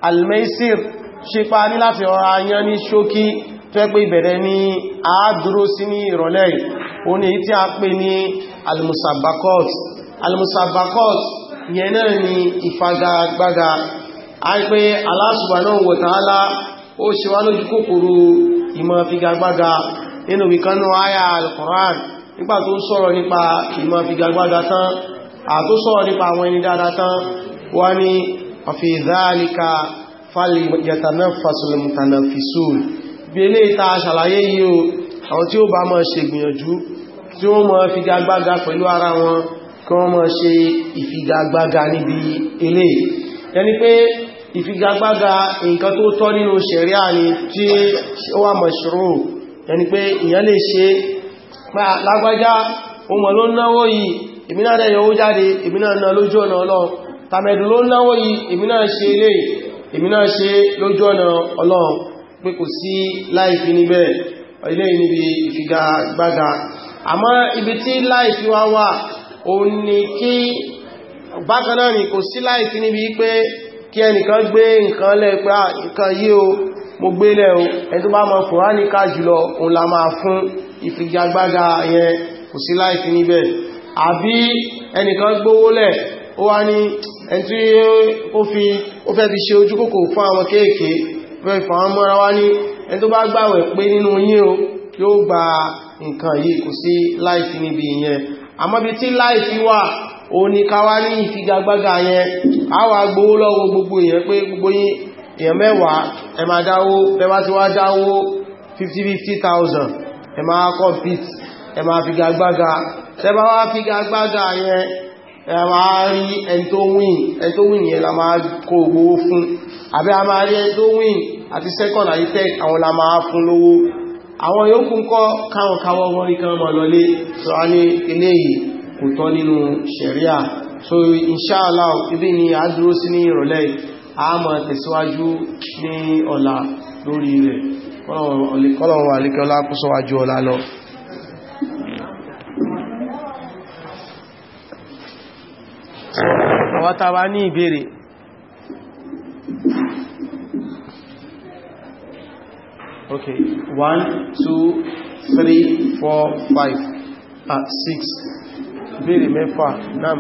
almeisir ṣípa ní láti ọ̀rọ̀ ayán ní ṣókí tó ẹ pé ìbẹ̀rẹ̀ ní àádúró sí ní ìrọ̀lẹ́ ó ní a pè ní almusabakot almusabakot yẹn náà ni ìfagagbága a pé Allah subhanahu wa ta'ala ó ṣe wá lójú kòkòrò ìmọ̀ figagbága nínú ìkanú àyà al-Qur'an àtúsọ̀rọ̀ nípa àwọn ẹni dáadáa tán wọ́n ní fi dhalika falyatanaffasal mutanaffisun bí ilé ìta ṣàlàyé yìí o àwọn tí ó bá máa ṣe gbìyànjú tí ó máa figagbága pẹ̀lú ara wọn kí wọ́n máa ṣe ìfigagbága níbi ilé ẹni pé ìfigagbága nǹkan tó tọ́ nínú ṣẹ̀ríà ni tí ó wà mọ̀ṣúrò ẹni pé ìyẹn lè ṣe lágbájá ó mọ̀ ló náwó yìí èmi náà dẹ̀ yọwó jáde èmi náà ná lójú ọ̀nà ọlọ́run tàmẹ̀dù ló náwó yìí èmi náà ṣe ilé èmi náà ṣe lójú ọ̀nà ọlọ́run pé kò sí láìfi níbẹ̀ ilé níbi ìfigagbága àmọ́ ibi tí láìfi wá wà ó ní kí bákan náà ni kò sí láìfi níbi pé kí ẹnìkan gbé nǹkan lẹ́ pé nǹkan yìí o mo gbé lẹ́ o ẹni tó bá mọ̀ kùránì jùlọ òun la máa fún ìfigagbága yẹn kò sí láìfi níbẹ̀ àbí ẹnìkan gbówólẹ̀ ó wá ní ẹni tí ó fi ó fẹ́ fi ṣe ojú kòkò fún àwọn kéèké fẹ́ fún àwọn mọ́ra wá ní ẹni tó bá gbàwẹ̀ pé nínú yín o kí ó gba nǹkan yìí kò sí láìsí níbi ìyẹn àmọ́bí tí láìsí wà ó ní káwá ní ìfigagbága yẹn a wà gbówó lọ́wọ́ gbogbo èèyàn pé gbogbo yín èèyàn mẹ́wàá ẹ máa dáwó bẹ́bá tí wá dáwó 50000 ẹ máa kọ́ fit ẹ máa figagbága tẹ́bá wá fi gbágbádà yẹn ẹ máa rí ẹni tó win ẹni tó win yẹn la máa kó owó fún àbí a máa rí ẹni tó win àti second àti third àwọn la máa fún lówó àwọn yòókù kọ́ káwọn káwọ́ wọ́n rí kan lọlé sọ a ní eléyìí kò tọ́ nínú ṣẹ̀ríà so inshallah ibi ni a dúró sí ní ìrọ̀lẹ́ a máa tẹ̀síwájú ní àwọn tàbá ní ìbéèrè ok 1 2 3 4 5 ah 6 ìbéèrè mẹ́fà náà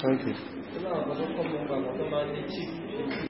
Thank you náà ọ̀pọ̀lọpọ̀ gbogbo àgbọ̀tọ́ máa ń ní chip